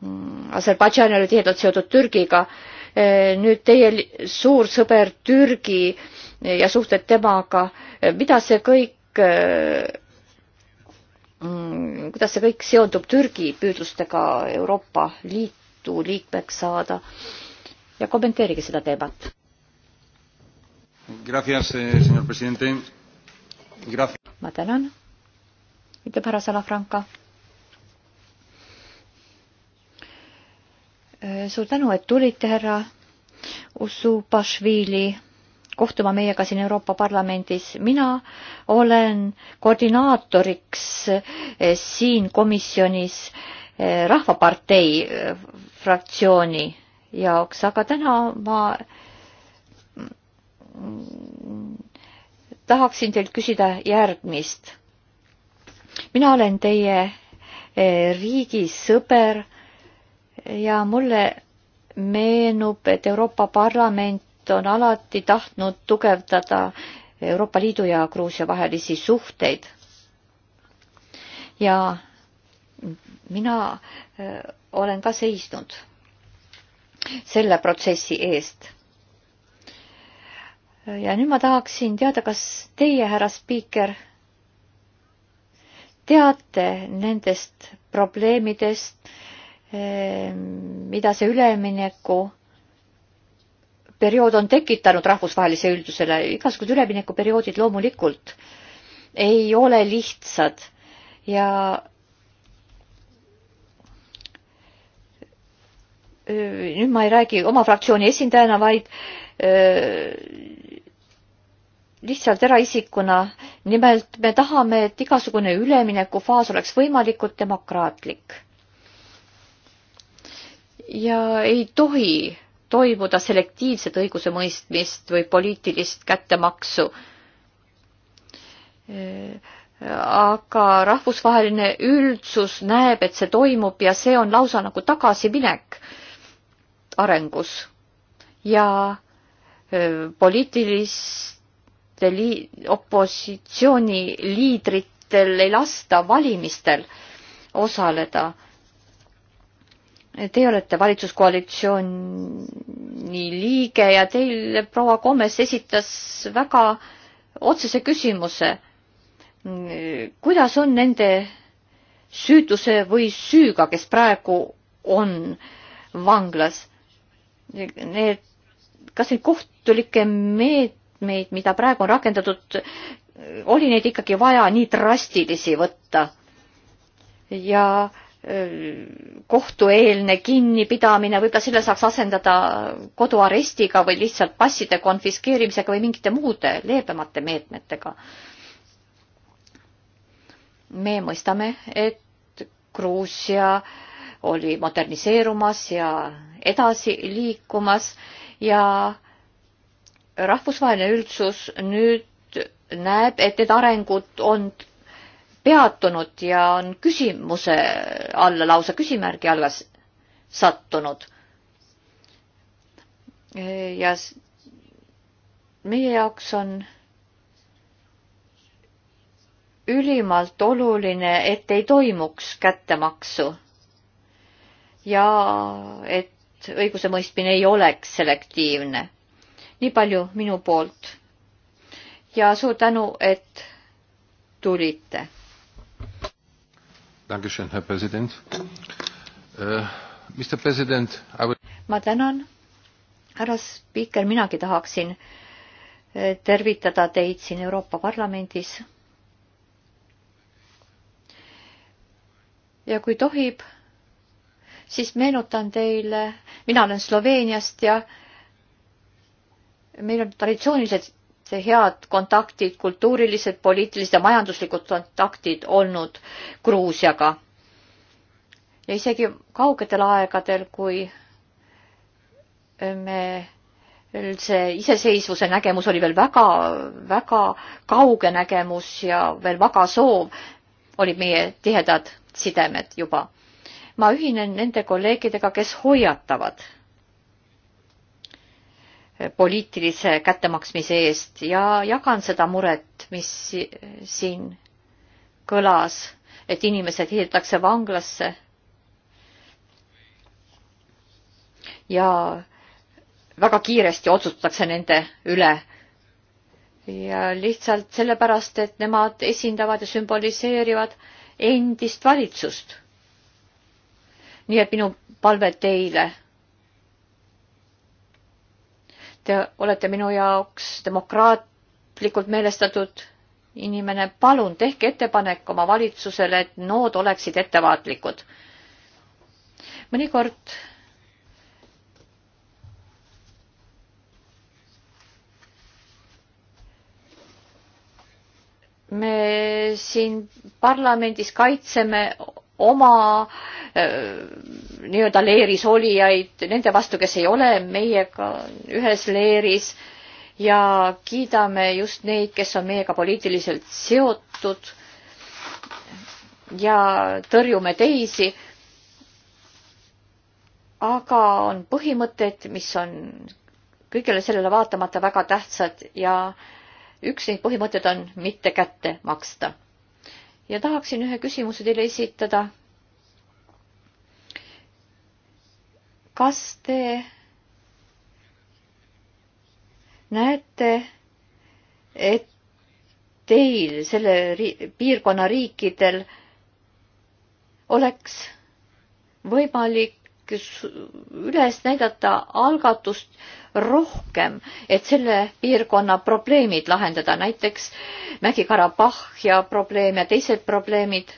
Mm, Aserbaidžaan oli tihedalt seotud Türgiga Eh, nüüd teie suur sõber Türgi eh, ja suhted temaga, eh, mida see kõik, mm, kuidas see kõik seondub Türgi püüdlustega Euroopa Liitu liikmeks saada ja kommenteerige seda teemat. ma tänan, ütleb härra Salafranca Äh, suur tänu, et tulite, härra Usupašvili kohtuma meiega siin Euroopa Parlamendis. mina olen koordinaatoriks äh, siin komisjonis äh, Rahvapartei fraktsiooni jaoks, aga täna ma mm, tahaksin teilt küsida järgmist. mina olen teie riigi sõber ja mulle meenub, et Euroopa Parlament on alati tahtnud tugevdada Euroopa Liidu ja Gruusia vahelisi suhteid. ja mina äh, olen ka seisnud selle protsessi eest. ja nüüd ma tahaksin teada, kas teie, härra spiiker, teate nendest probleemidest, Ehm, mida see ülemineku periood on tekitanud rahvusvahelise üldusele, igasugused üleminekuperioodid loomulikult ei ole lihtsad ja nüüd ma ei räägi oma fraktsiooni esindajana, vaid lihtsalt eraisikuna. nimelt me tahame, et igasugune üleminekufaas oleks võimalikult demokraatlik ja ei tohi toimuda selektiivset õigusemõistmist või poliitilist kättemaksu. aga rahvusvaheline üldsus näeb, et see toimub ja see on lausa nagu tagasiminek arengus ja poliitiliste lii-, opositsiooniliidritel ei lasta valimistel osaleda Teie olete valitsuskoalitsiooni liige ja teil proua Gomes esitas väga otsese küsimuse. kuidas on nende süütuse või süüga, kes praegu on vanglas? Need, kas neid kohtulikke meetmeid, mida praegu on rakendatud, oli neid ikkagi vaja nii drastilisi võtta? ja äh, kohtueelne kinnipidamine, võib-olla selle saaks asendada koduarestiga või lihtsalt passide konfiskeerimisega või mingite muude leebemate meetmetega. me mõistame, et Gruusia oli moderniseerumas ja edasi liikumas ja rahvusvaheline üldsus nüüd näeb, et need arengud on peatunud ja on küsimuse alla, lausa küsimärgi alla sattunud. ja meie jaoks on ülimalt oluline, et ei toimuks kättemaksu ja et õigusemõistmine ei oleks selektiivne. nii palju minu poolt. ja suur tänu, et tulite Dankeschön, Herr Präsident. Uh, äh, Mr President, I will... ma tänan, härra spiiker, minagi tahaksin äh, tervitada teid siin Euroopa Parlamendis. ja kui tohib, siis meenutan teile, mina olen Sloveeniast ja meil on traditsioonilised see head kontaktid, kultuurilised, poliitilised ja majanduslikud kontaktid olnud Gruusiaga. ja isegi kaugetel aegadel, kui me see iseseisvuse nägemus oli veel väga, väga kauge nägemus ja veel väga soov, olid meie tihedad sidemed juba. ma ühinen nende kolleegidega, kes hoiatavad poliitilise kättemaksmise eest ja jagan seda muret, mis siin kõlas, et inimesed heidetakse vanglasse. ja väga kiiresti otsustatakse nende üle. ja lihtsalt sellepärast, et nemad esindavad ja sümboliseerivad endist valitsust. nii et minu palve teile Te olete minu jaoks demokraatlikult meelestatud inimene, palun tehke ettepanek oma valitsusele, et nood oleksid ettevaatlikud. mõnikord me siin parlamendis kaitseme oma nii-öelda leeris olijaid, nende vastu, kes ei ole meiega ühes leeris ja kiidame just neid, kes on meiega poliitiliselt seotud ja tõrjume teisi. aga on põhimõtted, mis on kõigele sellele vaatamata väga tähtsad ja üks neid põhimõtteid on mitte kätte maksta ja tahaksin ühe küsimuse teile esitada. kas te näete, et teil, selle ri piirkonna riikidel oleks võimalik üles näidata algatust rohkem, et selle piirkonna probleemid lahendada, näiteks Mägi-Karabahhia probleem ja teised probleemid,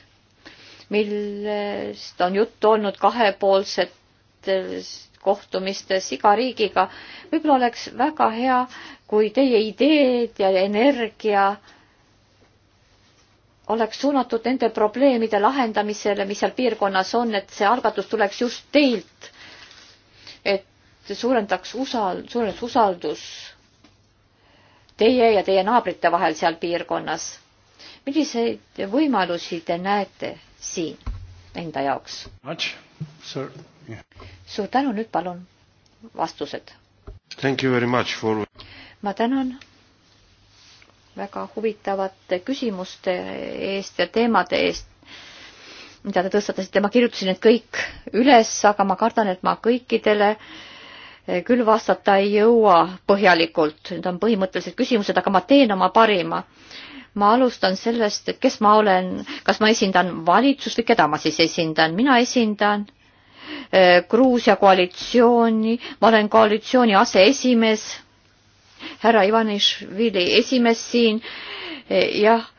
millest on juttu olnud kahepoolsetes kohtumistes iga riigiga. võib-olla oleks väga hea, kui teie ideed ja energia oleks suunatud nende probleemide lahendamisele, mis seal piirkonnas on, et see algatus tuleks just teilt. et see suurendaks usal-, suureneks usaldus teie ja teie naabrite vahel seal piirkonnas. milliseid võimalusi te näete siin enda jaoks? suur tänu, nüüd palun vastused. For... ma tänan väga huvitavate küsimuste eest ja teemade eest, mida te tõstatasite, ma kirjutasin need kõik üles, aga ma kardan, et ma kõikidele äh, Eh, küll vastata ei jõua põhjalikult, need on põhimõttelised küsimused, aga ma teen oma parima. ma alustan sellest, et kes ma olen, kas ma esindan valitsust või keda ma siis esindan, mina esindan eh, Gruusia koalitsiooni, ma olen koalitsiooni aseesimees, härra Ivanišvili esimees siin, eh, jah,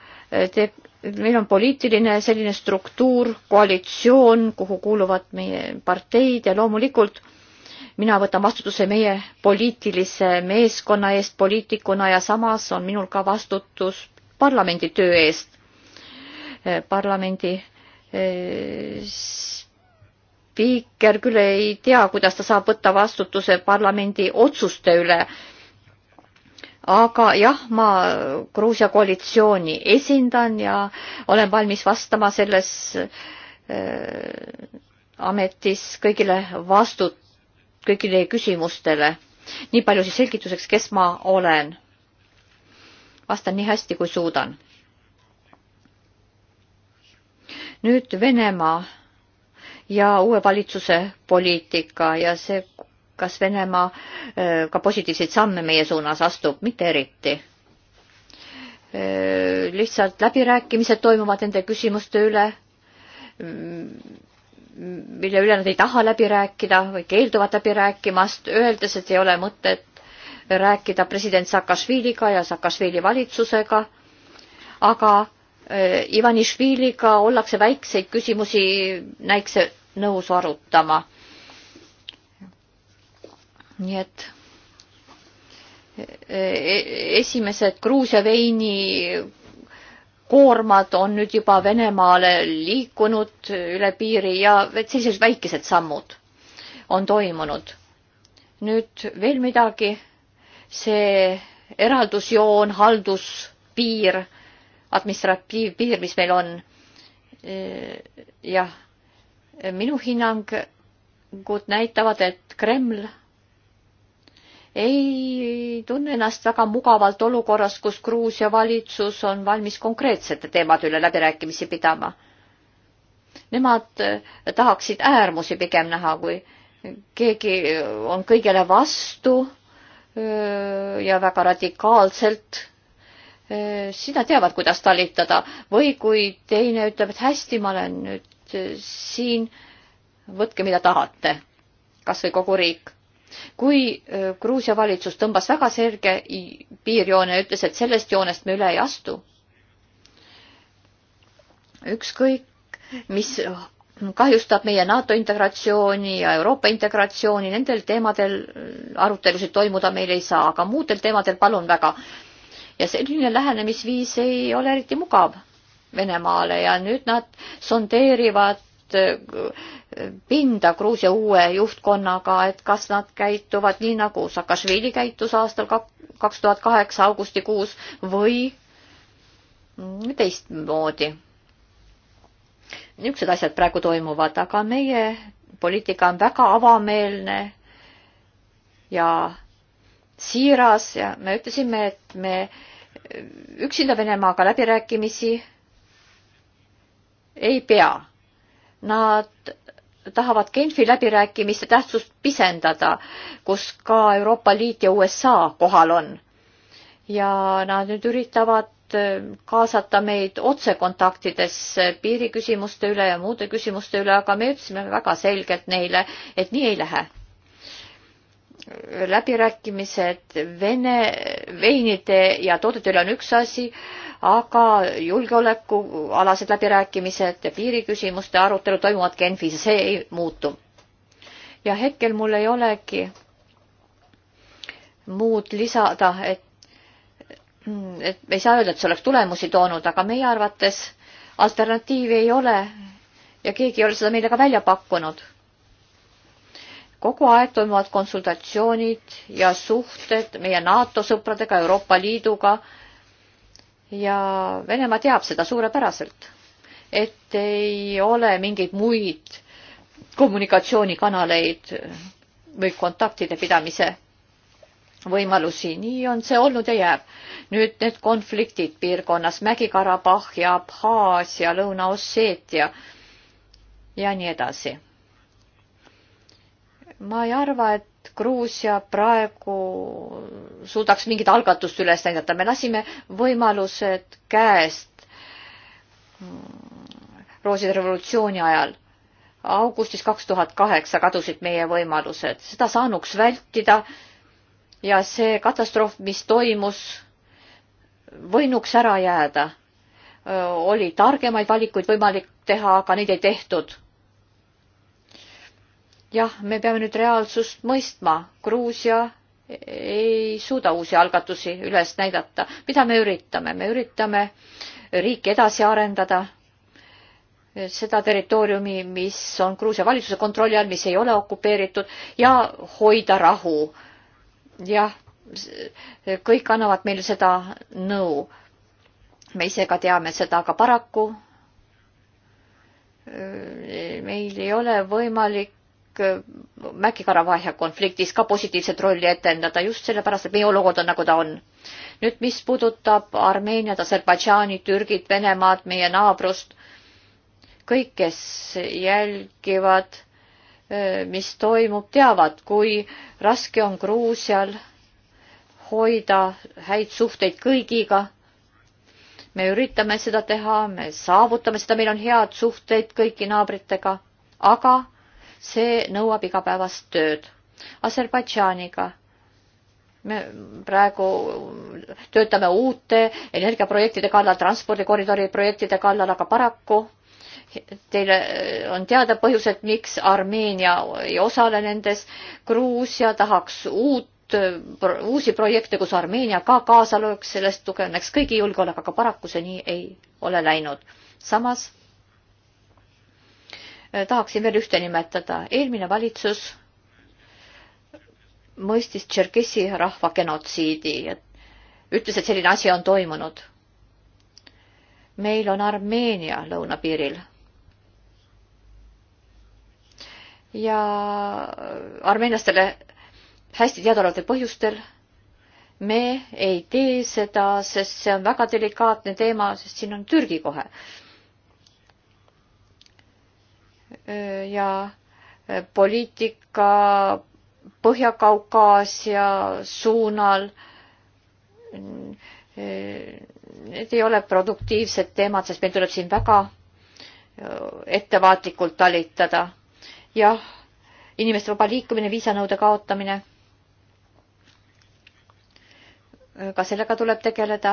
teeb, meil on poliitiline selline struktuur, koalitsioon, kuhu kuuluvad meie parteid ja loomulikult mina võtan vastutuse meie poliitilise meeskonna eest poliitikuna ja samas on minul ka vastutus parlamendi töö eest. Eh, parlamendi eh, spiiker küll ei tea, kuidas ta saab võtta vastutuse parlamendi otsuste üle. aga jah, ma Gruusia koalitsiooni esindan ja olen valmis vastama selles eh, ametis kõigile vastut-, kõigile küsimustele. nii palju siis selgituseks, kes ma olen. vastan nii hästi, kui suudan. nüüd Venemaa ja uue valitsuse poliitika ja see, kas Venemaa äh, ka positiivseid samme meie suunas astub, mitte eriti äh, lihtsalt läbirääkimised toimuvad nende küsimuste üle, mm, mille üle nad ei taha läbi rääkida või keelduvad läbi rääkimast, öeldes, et ei ole mõtet rääkida president Saakašviliga ja Saakašvili valitsusega, aga äh, Ivanišviliga ollakse väikseid küsimusi näikse nõus arutama. nii et äh, e-, esimesed Gruusia veini koormad on nüüd juba Venemaale liikunud üle piiri ja sellised väikesed sammud on toimunud. nüüd veel midagi, see eraldusjoon, halduspiir, administratiivpiir, mis meil on. Eh, jah, minu hinnangud näitavad, et Kreml ei tunne ennast väga mugavalt olukorras, kus Gruusia valitsus on valmis konkreetsete teemade üle läbirääkimisi pidama. Nemad eh, tahaksid äärmusi pigem näha, kui keegi on kõigele vastu eh, ja väga radikaalselt, eh, siis nad teavad, kuidas talitada või kui teine ütleb, et hästi, ma olen nüüd siin, võtke, mida tahate, kas või kogu riik kui äh, Gruusia valitsus tõmbas väga selge piirjoone ja ütles, et sellest joonest me üle ei astu, ükskõik mis kahjustab meie NATO integratsiooni ja Euroopa integratsiooni, nendel teemadel arutelusid toimuda meil ei saa, aga muudel teemadel palun väga. ja selline lähenemisviis ei ole eriti mugav Venemaale ja nüüd nad sondeerivad just äh, pinda Gruusia uue juhtkonnaga, et kas nad käituvad nii, nagu Saakašvili käitus aastal kaks tuhat kaheksa augustikuus või teistmoodi. niisugused asjad praegu toimuvad, aga meie poliitika on väga avameelne ja siiras ja me ütlesime, et me üksinda Venemaaga läbirääkimisi ei pea. Nad tahavad Genfi läbirääkimiste tähtsust pisendada, kus ka Euroopa Liit ja USA kohal on. ja nad nüüd üritavad äh, kaasata meid otsekontaktides piiriküsimuste üle ja muude küsimuste üle, aga me ütlesime väga selgelt neile, et nii ei lähe läbirääkimised Vene veinide ja toodete üle on üks asi, aga julgeolekualased läbirääkimised ja piiriküsimuste arutelu toimuvad Genfis ja see ei muutu. ja hetkel mul ei olegi muud lisada, et et me ei saa öelda, et see oleks tulemusi toonud, aga meie arvates alternatiivi ei ole ja keegi ei ole seda meile ka välja pakkunud kogu aeg toimuvad konsultatsioonid ja suhted meie NATO sõpradega, Euroopa Liiduga ja Venemaa teab seda suurepäraselt, et ei ole mingeid muid kommunikatsioonikanaleid või kontaktide pidamise võimalusi, nii on see olnud ja jääb. nüüd need konfliktid piirkonnas Mägi-Karabahh ja Abhaasia, Lõuna-Osseetia ja nii edasi ma ei arva, et Gruusia praegu suudaks mingit algatust üles näidata, me lasime võimalused käest rooside revolutsiooni ajal. augustis kaks tuhat kaheksa kadusid meie võimalused, seda saanuks vältida ja see katastroof, mis toimus, võinuks ära jääda. oli targemaid valikuid võimalik teha, aga neid ei tehtud jah, me peame nüüd reaalsust mõistma. Gruusia ei suuda uusi algatusi üles näidata. mida me üritame? me üritame riiki edasi arendada, seda territooriumi, mis on Gruusia valitsuse kontrolli all, mis ei ole okupeeritud ja hoida rahu. jah, kõik annavad meile seda nõu. me ise ka teame seda, aga paraku äh, meil ei ole võimalik Mägi-Karabahhi konfliktis ka positiivset rolli etendada just sellepärast, et meie olukord on, nagu ta on. nüüd, mis puudutab Armeeniat, Aserbaidžaani, Türgit, Venemaad, meie naabrust, kõik, kes jälgivad, mis toimub, teavad, kui raske on Gruusial hoida häid suhteid kõigiga me üritame seda teha, me saavutame seda, meil on head suhted kõigi naabritega, aga see nõuab igapäevast tööd. Aserbaidžaaniga me praegu töötame uute energiaprojektide kallal, transpordikoridori projektide kallal, aga paraku teile on teada põhjused, miks Armeenia ei osale nendes. Gruusia tahaks uut, uusi projekte, kus Armeenia ka kaasa lööks, sellest tugevneks kõigi julgeolek, aga paraku see nii ei ole läinud. samas Äh, tahaksin veel ühte nimetada. eelmine valitsus mõistis Tšerkessi rahva genotsiidi ja ütles, et selline asi on toimunud. meil on Armeenia lõunapiiril. ja armeenlastele hästi teadaolevatel põhjustel me ei tee seda, sest see on väga delikaatne teema, sest siin on Türgi kohe ja eh, poliitika Põhja-Kaukaasia suunal. Eh, need ei ole produktiivsed teemad, sest meil tuleb siin väga eh, ettevaatlikult talitada. jah, inimeste vaba liikumine, viisanõude kaotamine. ka sellega tuleb tegeleda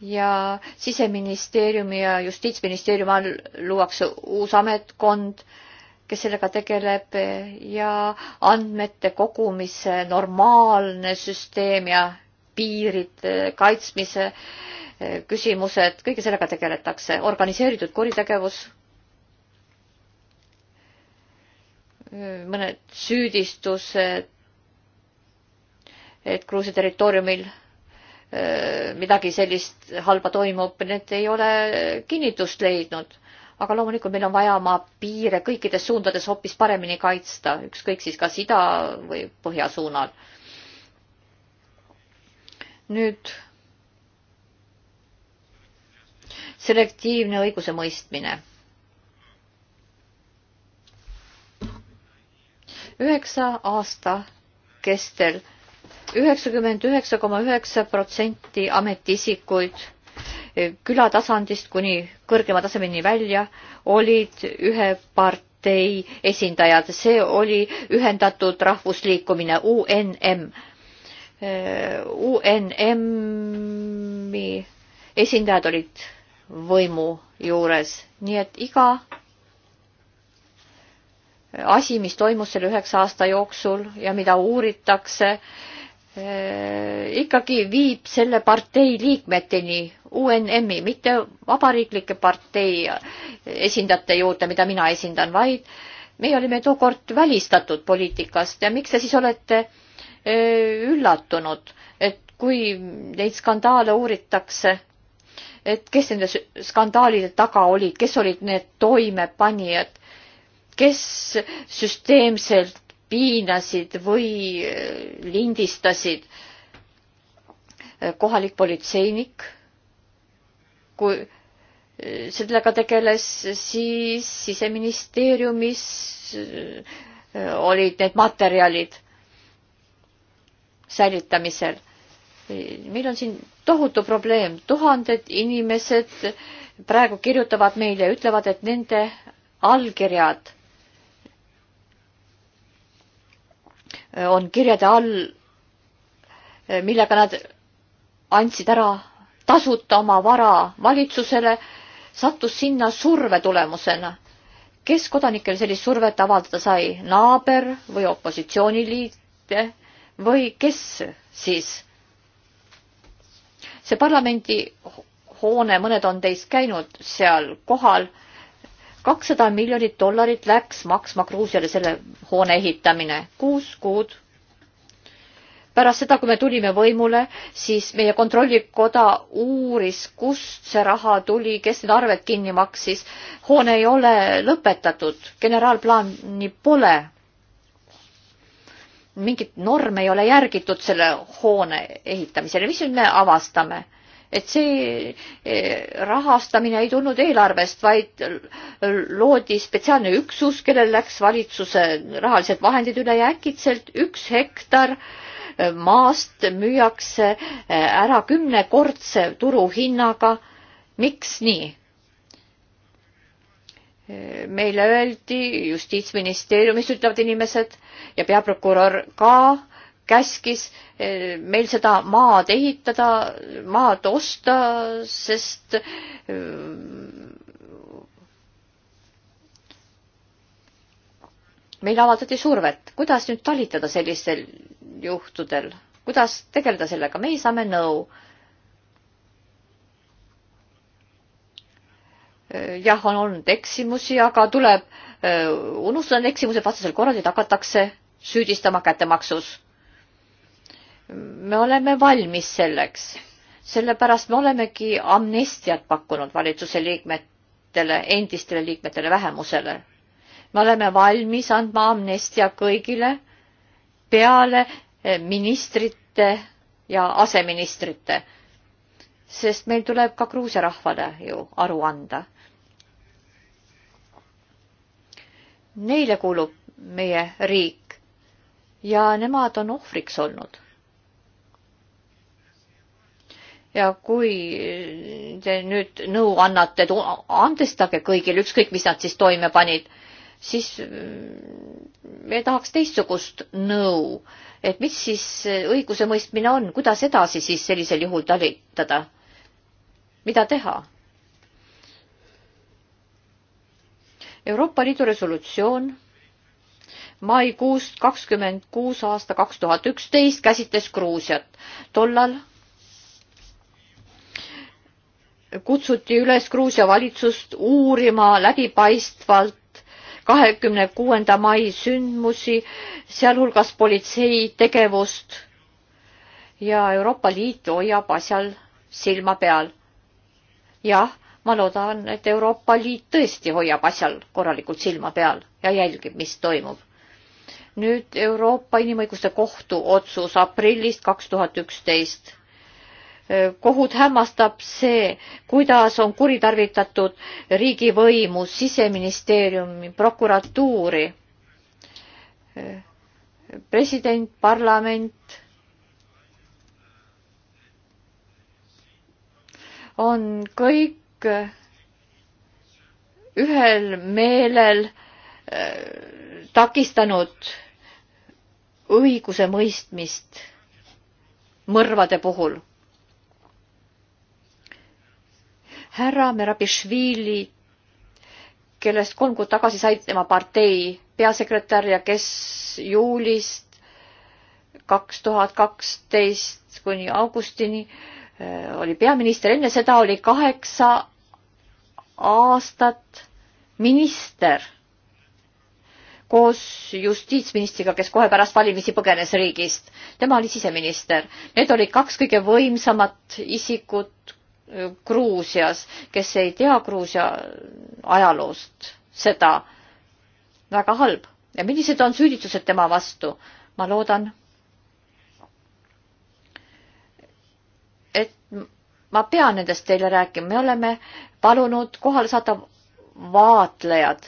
ja siseministeeriumi ja justiitsministeeriumi all luuakse uus ametkond, kes sellega tegeleb ja andmete kogumise normaalne süsteem ja piirid, kaitsmise eh, küsimused, kõige sellega tegeletakse, organiseeritud kuritegevus. mõned süüdistused, et Gruusia territooriumil Äh, midagi sellist halba toimub, need ei ole kinnitust leidnud. aga loomulikult meil on vaja oma piire kõikides suundades hoopis paremini kaitsta, ükskõik siis kas ida või põhja suunal. nüüd selektiivne õigusemõistmine. üheksa aasta kestel üheksakümmend üheksa koma üheksa protsenti ametiisikuid külatasandist kuni kõrgema tasemeni välja olid ühe partei esindajad, see oli Ühendatud Rahvusliikumine UNM. UNM-i esindajad olid võimu juures, nii et iga asi, mis toimus selle üheksa aasta jooksul ja mida uuritakse, Äh, ikkagi viib selle partei liikmeteni, UNM-i, mitte vabariiklike partei esindajate juurde, mida mina esindan, vaid meie olime tookord välistatud poliitikast ja miks te siis olete äh, üllatunud, et kui neid skandaale uuritakse, et kes nende skandaalide taga olid, kes olid need toimepanijad, kes süsteemselt piinasid või äh, lindistasid äh, kohalik politseinik, kui äh, sellega tegeles, siis siseministeeriumis olid need materjalid säilitamisel. meil on siin tohutu probleem, tuhanded inimesed praegu kirjutavad meile, ütlevad, et nende allkirjad on kirjade all, millega nad andsid ära tasuta oma vara valitsusele, sattus sinna surve tulemusena. kes kodanikel sellist survet avaldada sai, naaber või opositsiooniliite või kes siis? see parlamendi hoone, mõned on teist käinud seal kohal kakssada miljonit dollarit läks maksma Gruusiale selle hoone ehitamine, kuus kuud. pärast seda, kui me tulime võimule, siis meie kontrollikoda uuris, kust see raha tuli, kes need arved kinni maksis. hoone ei ole lõpetatud, generaalplaani pole. mingit norme ei ole järgitud selle hoone ehitamisel ja mis nüüd me avastame? et see e, rahastamine ei tulnud eelarvest, vaid loodi spetsiaalne üksus, kellel läks valitsuse rahalised vahendid üle ja äkitselt üks hektar e, maast müüakse e, ära kümnekordse turuhinnaga. miks nii? meile öeldi justiitsministeeriumis ütlevad inimesed ja peaprokurör ka käskis eh, meil seda maad ehitada, maad osta, sest eh, meile avaldati survet. kuidas nüüd talitada sellistel juhtudel, kuidas tegeleda sellega, meie saame nõu. Eh, jah, on olnud eksimusi, aga tuleb unustada need eksimused, vastasel korral teid hakatakse süüdistama kättemaksus me oleme valmis selleks, sellepärast me olemegi amnestiat pakkunud valitsuse liikmetele, endistele liikmetele, vähemusele. me oleme valmis andma amnestia kõigile peale eh, ministrite ja aseministrite, sest meil tuleb ka Gruusia rahvale ju aru anda. Neile kuulub meie riik ja nemad on ohvriks olnud ja kui te nüüd nõu annate, andestage kõigile, ükskõik mis nad siis toime panid, siis mm, me tahaks teistsugust nõu, et mis siis õigusemõistmine on, kuidas edasi siis sellisel juhul talitada, mida teha? Euroopa Liidu resolutsioon maikuust kakskümmend kuus aasta kaks tuhat üksteist käsitles Gruusiat. tollal kutsuti üles Gruusia valitsust uurima läbipaistvalt kahekümne kuuenda mai sündmusi, sealhulgas politsei tegevust ja Euroopa Liit hoiab asjal silma peal. jah, ma loodan, et Euroopa Liit tõesti hoiab asjal korralikult silma peal ja jälgib, mis toimub. nüüd Euroopa Inimõiguste Kohtu otsus aprillist kaks tuhat üksteist kohut hämmastab see, kuidas on kuritarvitatud riigivõimu, siseministeeriumi, prokuratuuri, president, parlament on kõik ühel meelel äh, takistanud õigusemõistmist mõrvade puhul härra Merabišvili, kellest kolm kuud tagasi sai tema partei peasekretär ja kes juulist kaks tuhat kaksteist kuni augustini äh, oli peaminister, enne seda oli kaheksa aastat minister koos justiitsministriga, kes kohe pärast valimisi põgenes riigist. tema oli siseminister. Need olid kaks kõige võimsamat isikut Gruusias, kes ei tea Gruusia ajaloost seda, väga halb. ja millised on süüditused tema vastu? ma loodan, et ma pean nendest teile rääkima, me oleme palunud kohale saata vaatlejad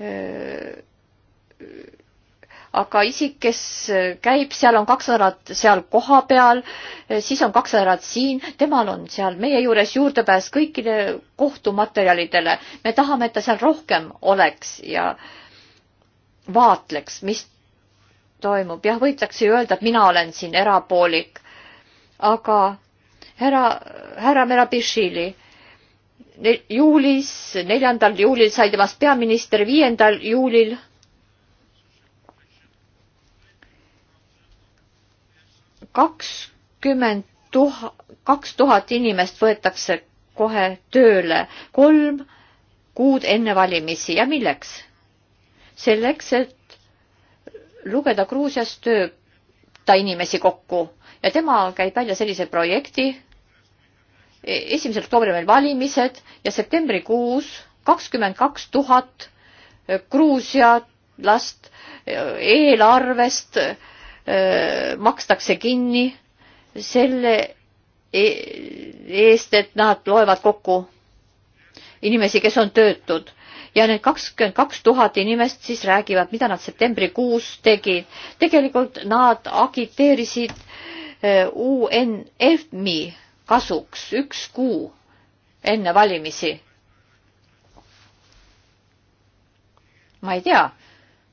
öö äh, aga isik, kes käib seal, on kaks nädalat seal kohapeal, siis on kaks nädalat siin, temal on seal meie juures juurdepääs kõikide kohtumaterjalidele. me tahame, et ta seal rohkem oleks ja vaatleks, mis toimub. jah, võidakse ju öelda, et mina olen siin erapoolik, aga härra, härra Merabishvili juulis, neljandal juulil sai temast peaminister, viiendal juulil kakskümmend tuhat, kaks tuhat inimest võetakse kohe tööle kolm kuud enne valimisi ja milleks? selleks, et lugeda Gruusias tööta inimesi kokku ja tema käib välja sellise projekti. E, esimesel oktoobril meil valimised ja septembrikuus kakskümmend kaks tuhat Gruusia last e, eelarvest makstakse kinni selle e-, eest, et nad loevad kokku inimesi, kes on töötud ja need kakskümmend kaks tuhat inimest siis räägivad, mida nad septembrikuus tegid. tegelikult nad agiteerisid UNF-i kasuks üks kuu enne valimisi. ma ei tea,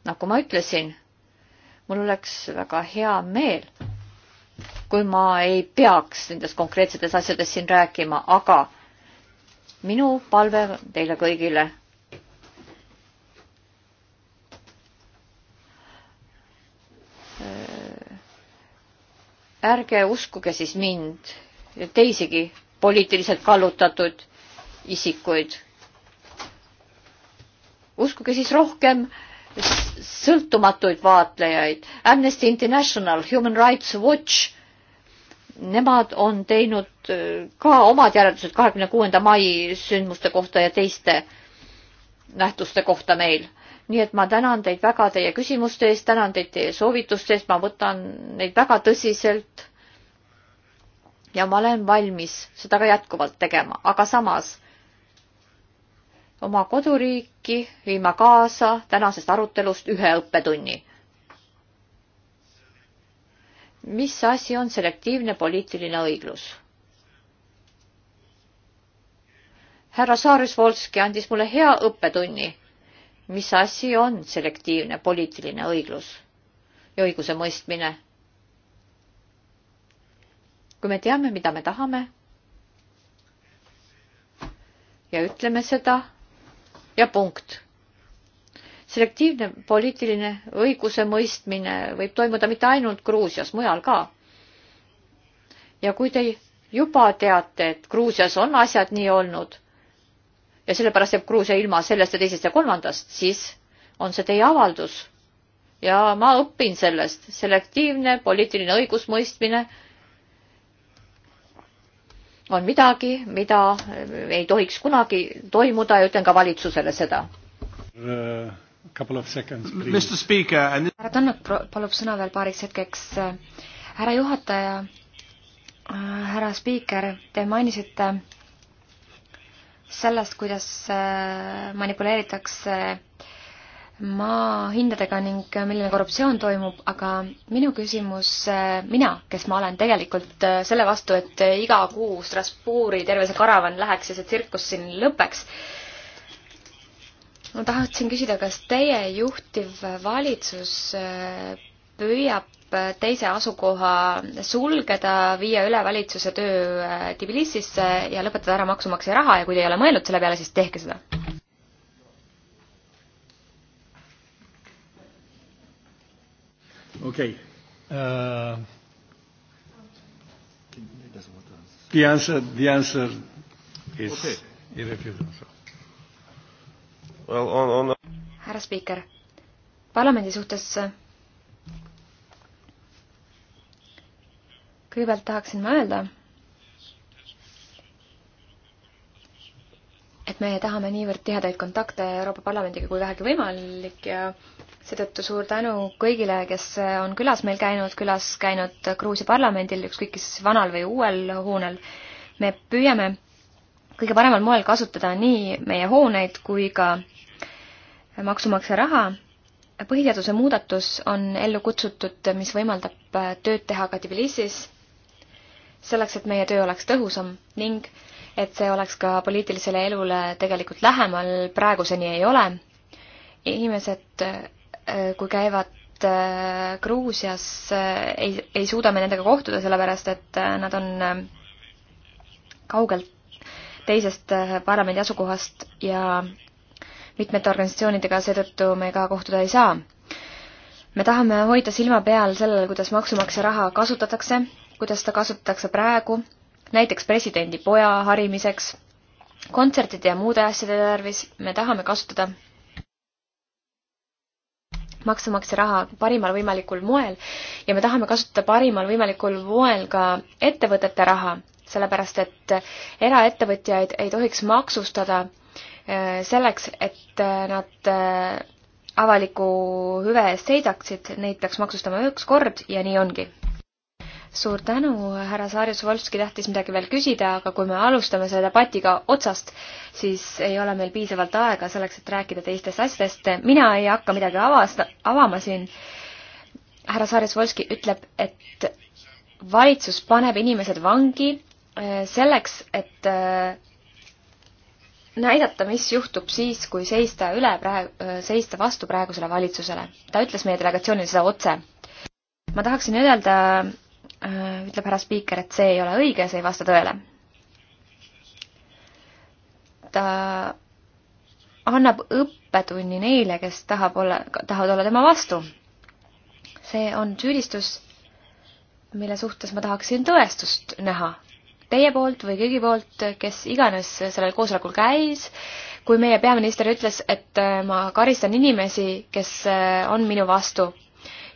nagu ma ütlesin mul oleks väga hea meel, kui ma ei peaks nendes konkreetsetes asjades siin rääkima, aga minu palve teile kõigile. Äh, ärge uskuge siis mind ja teisigi poliitiliselt kallutatud isikuid. uskuge siis rohkem sõltumatuid vaatlejaid. Amnesty International, Human Rights Watch, nemad on teinud äh, ka omad järeldused kahekümne kuuenda mai sündmuste kohta ja teiste nähtuste kohta meil. nii et ma tänan teid väga teie küsimuste eest, tänan teid teie soovituste eest, ma võtan neid väga tõsiselt. ja ma olen valmis seda ka jätkuvalt tegema, aga samas oma koduriiki viima kaasa tänasest arutelust ühe õppetunni. mis asi on selektiivne poliitiline õiglus? härra Saarjus-Volski andis mulle hea õppetunni, mis asi on selektiivne poliitiline õiglus ja õigusemõistmine. kui me teame, mida me tahame ja ütleme seda ja punkt. selektiivne poliitiline õigusemõistmine võib toimuda mitte ainult Gruusias, mujal ka. ja kui te juba teate, et Gruusias on asjad nii olnud ja sellepärast jääb Gruusia ilma sellest ja teisest ja kolmandast, siis on see teie avaldus. ja ma õpin sellest, selektiivne poliitiline õigusmõistmine on midagi, mida ei tohiks kunagi toimuda ja ütlen ka valitsusele seda. Uh, härra Tannak palub sõna veel paariks hetkeks. härra juhataja, härra spiiker, te mainisite sellest, kuidas äh, manipuleeritakse äh, maahindadega ning äh, milline korruptsioon toimub, aga minu küsimus, äh, mina, kes ma olen tegelikult äh, selle vastu, et iga kuu Strasbourgi terve see karavan läheks ja see tsirkus siin lõpeks. ma tahtsin küsida, kas teie juhtiv valitsus püüab teise asukoha sulgeda, viia üle valitsuse töö Tbilisisse ja lõpetada ära maksumaksja raha ja kui te ei ole mõelnud selle peale, siis tehke seda Okay. Uh, the answer, the answer is okay. irrefutable. Well, on, on... härra spiiker, parlamendi suhtes äh, kõigepealt tahaksin ma öelda et me tahame niivõrd tihedaid kontakte Euroopa Parlamendiga kui vähegi võimalik ja seetõttu suur tänu kõigile, kes on külas meil käinud, külas käinud Gruusia parlamendil, ükskõik kes vanal või uuel hoonel. me püüame kõige paremal moel kasutada nii meie hooneid kui ka maksumaksja raha. põhiseaduse muudatus on ellu kutsutud, mis võimaldab tööd teha ka Tbilisis, selleks et meie töö oleks tõhusam ning et see oleks ka poliitilisele elule tegelikult lähemal, praegu see nii ei ole. inimesed, äh, kui käivad äh, Gruusias, äh, ei, ei suuda me nendega kohtuda, sellepärast et nad on kaugelt teisest parlamendi asukohast ja mitmete organisatsioonidega seetõttu me ka kohtuda ei saa. me tahame hoida silma peal sellel, kuidas maksumaksja raha kasutatakse, kuidas seda kasutatakse praegu näiteks presidendi poja harimiseks, kontsertide ja muude asjade tarvis me tahame kasutada maksumaksja raha parimal võimalikul moel ja me tahame kasutada parimal võimalikul moel ka ettevõtete raha, sellepärast et eraettevõtjaid ei tohiks maksustada äh, selleks, et äh, nad äh, avaliku hüve eest seisaksid, neid peaks maksustama üks kord ja nii ongi suur tänu, härra Saarjus-Volski tahtis midagi veel küsida, aga kui me alustame selle debatiga otsast, siis ei ole meil piisavalt aega selleks, et rääkida teistest asjadest. mina ei hakka midagi avasta, avama siin. härra Saarjus-Volski ütleb, et valitsus paneb inimesed vangi eh, selleks, et eh, näidata, mis juhtub siis, kui seista üle praegu, eh, seista vastu praegusele valitsusele. ta ütles meie delegatsioonile seda otse. ma tahaksin öelda Äh, ütleb härra spiiker, et see ei ole õige, see ei vasta tõele. ta annab õppetunni neile, kes tahab olla, tahavad olla tema vastu. see on süüdistus, mille suhtes ma tahaksin tõestust näha. Teie poolt või kõigi poolt, kes iganes sellel koosolekul käis, kui meie peaminister ütles, et äh, ma karistan inimesi, kes äh, on minu vastu.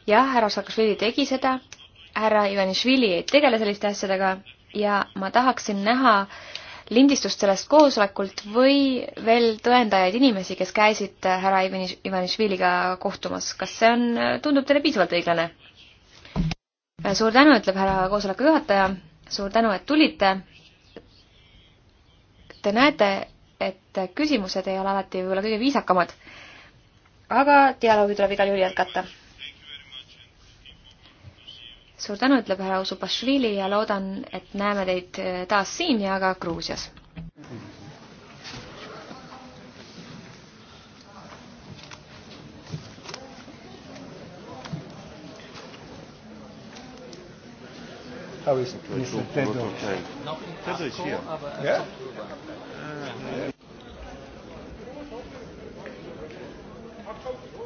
jah, härra Saakašvili tegi seda härra Ivanišvili ei tegele selliste asjadega ja ma tahaksin näha lindistust sellest koosolekult või veel tõendajaid inimesi, kes käisid härra Ivanišviliga kohtumas. kas see on, tundub teile piisavalt õiglane? suur tänu, ütleb härra koosoleku juhataja. suur tänu, et tulite. Te näete, et küsimused ei ole alati võib-olla kõige viisakamad. aga dialoogi tuleb igal juhul jätkata suur tänu, ütleb härra Usubašvili ja loodan, et näeme teid äh, taas siin ja ka Gruusias. How is it? Mr. Tedo. Tedo is here. Yeah? Uh, yeah.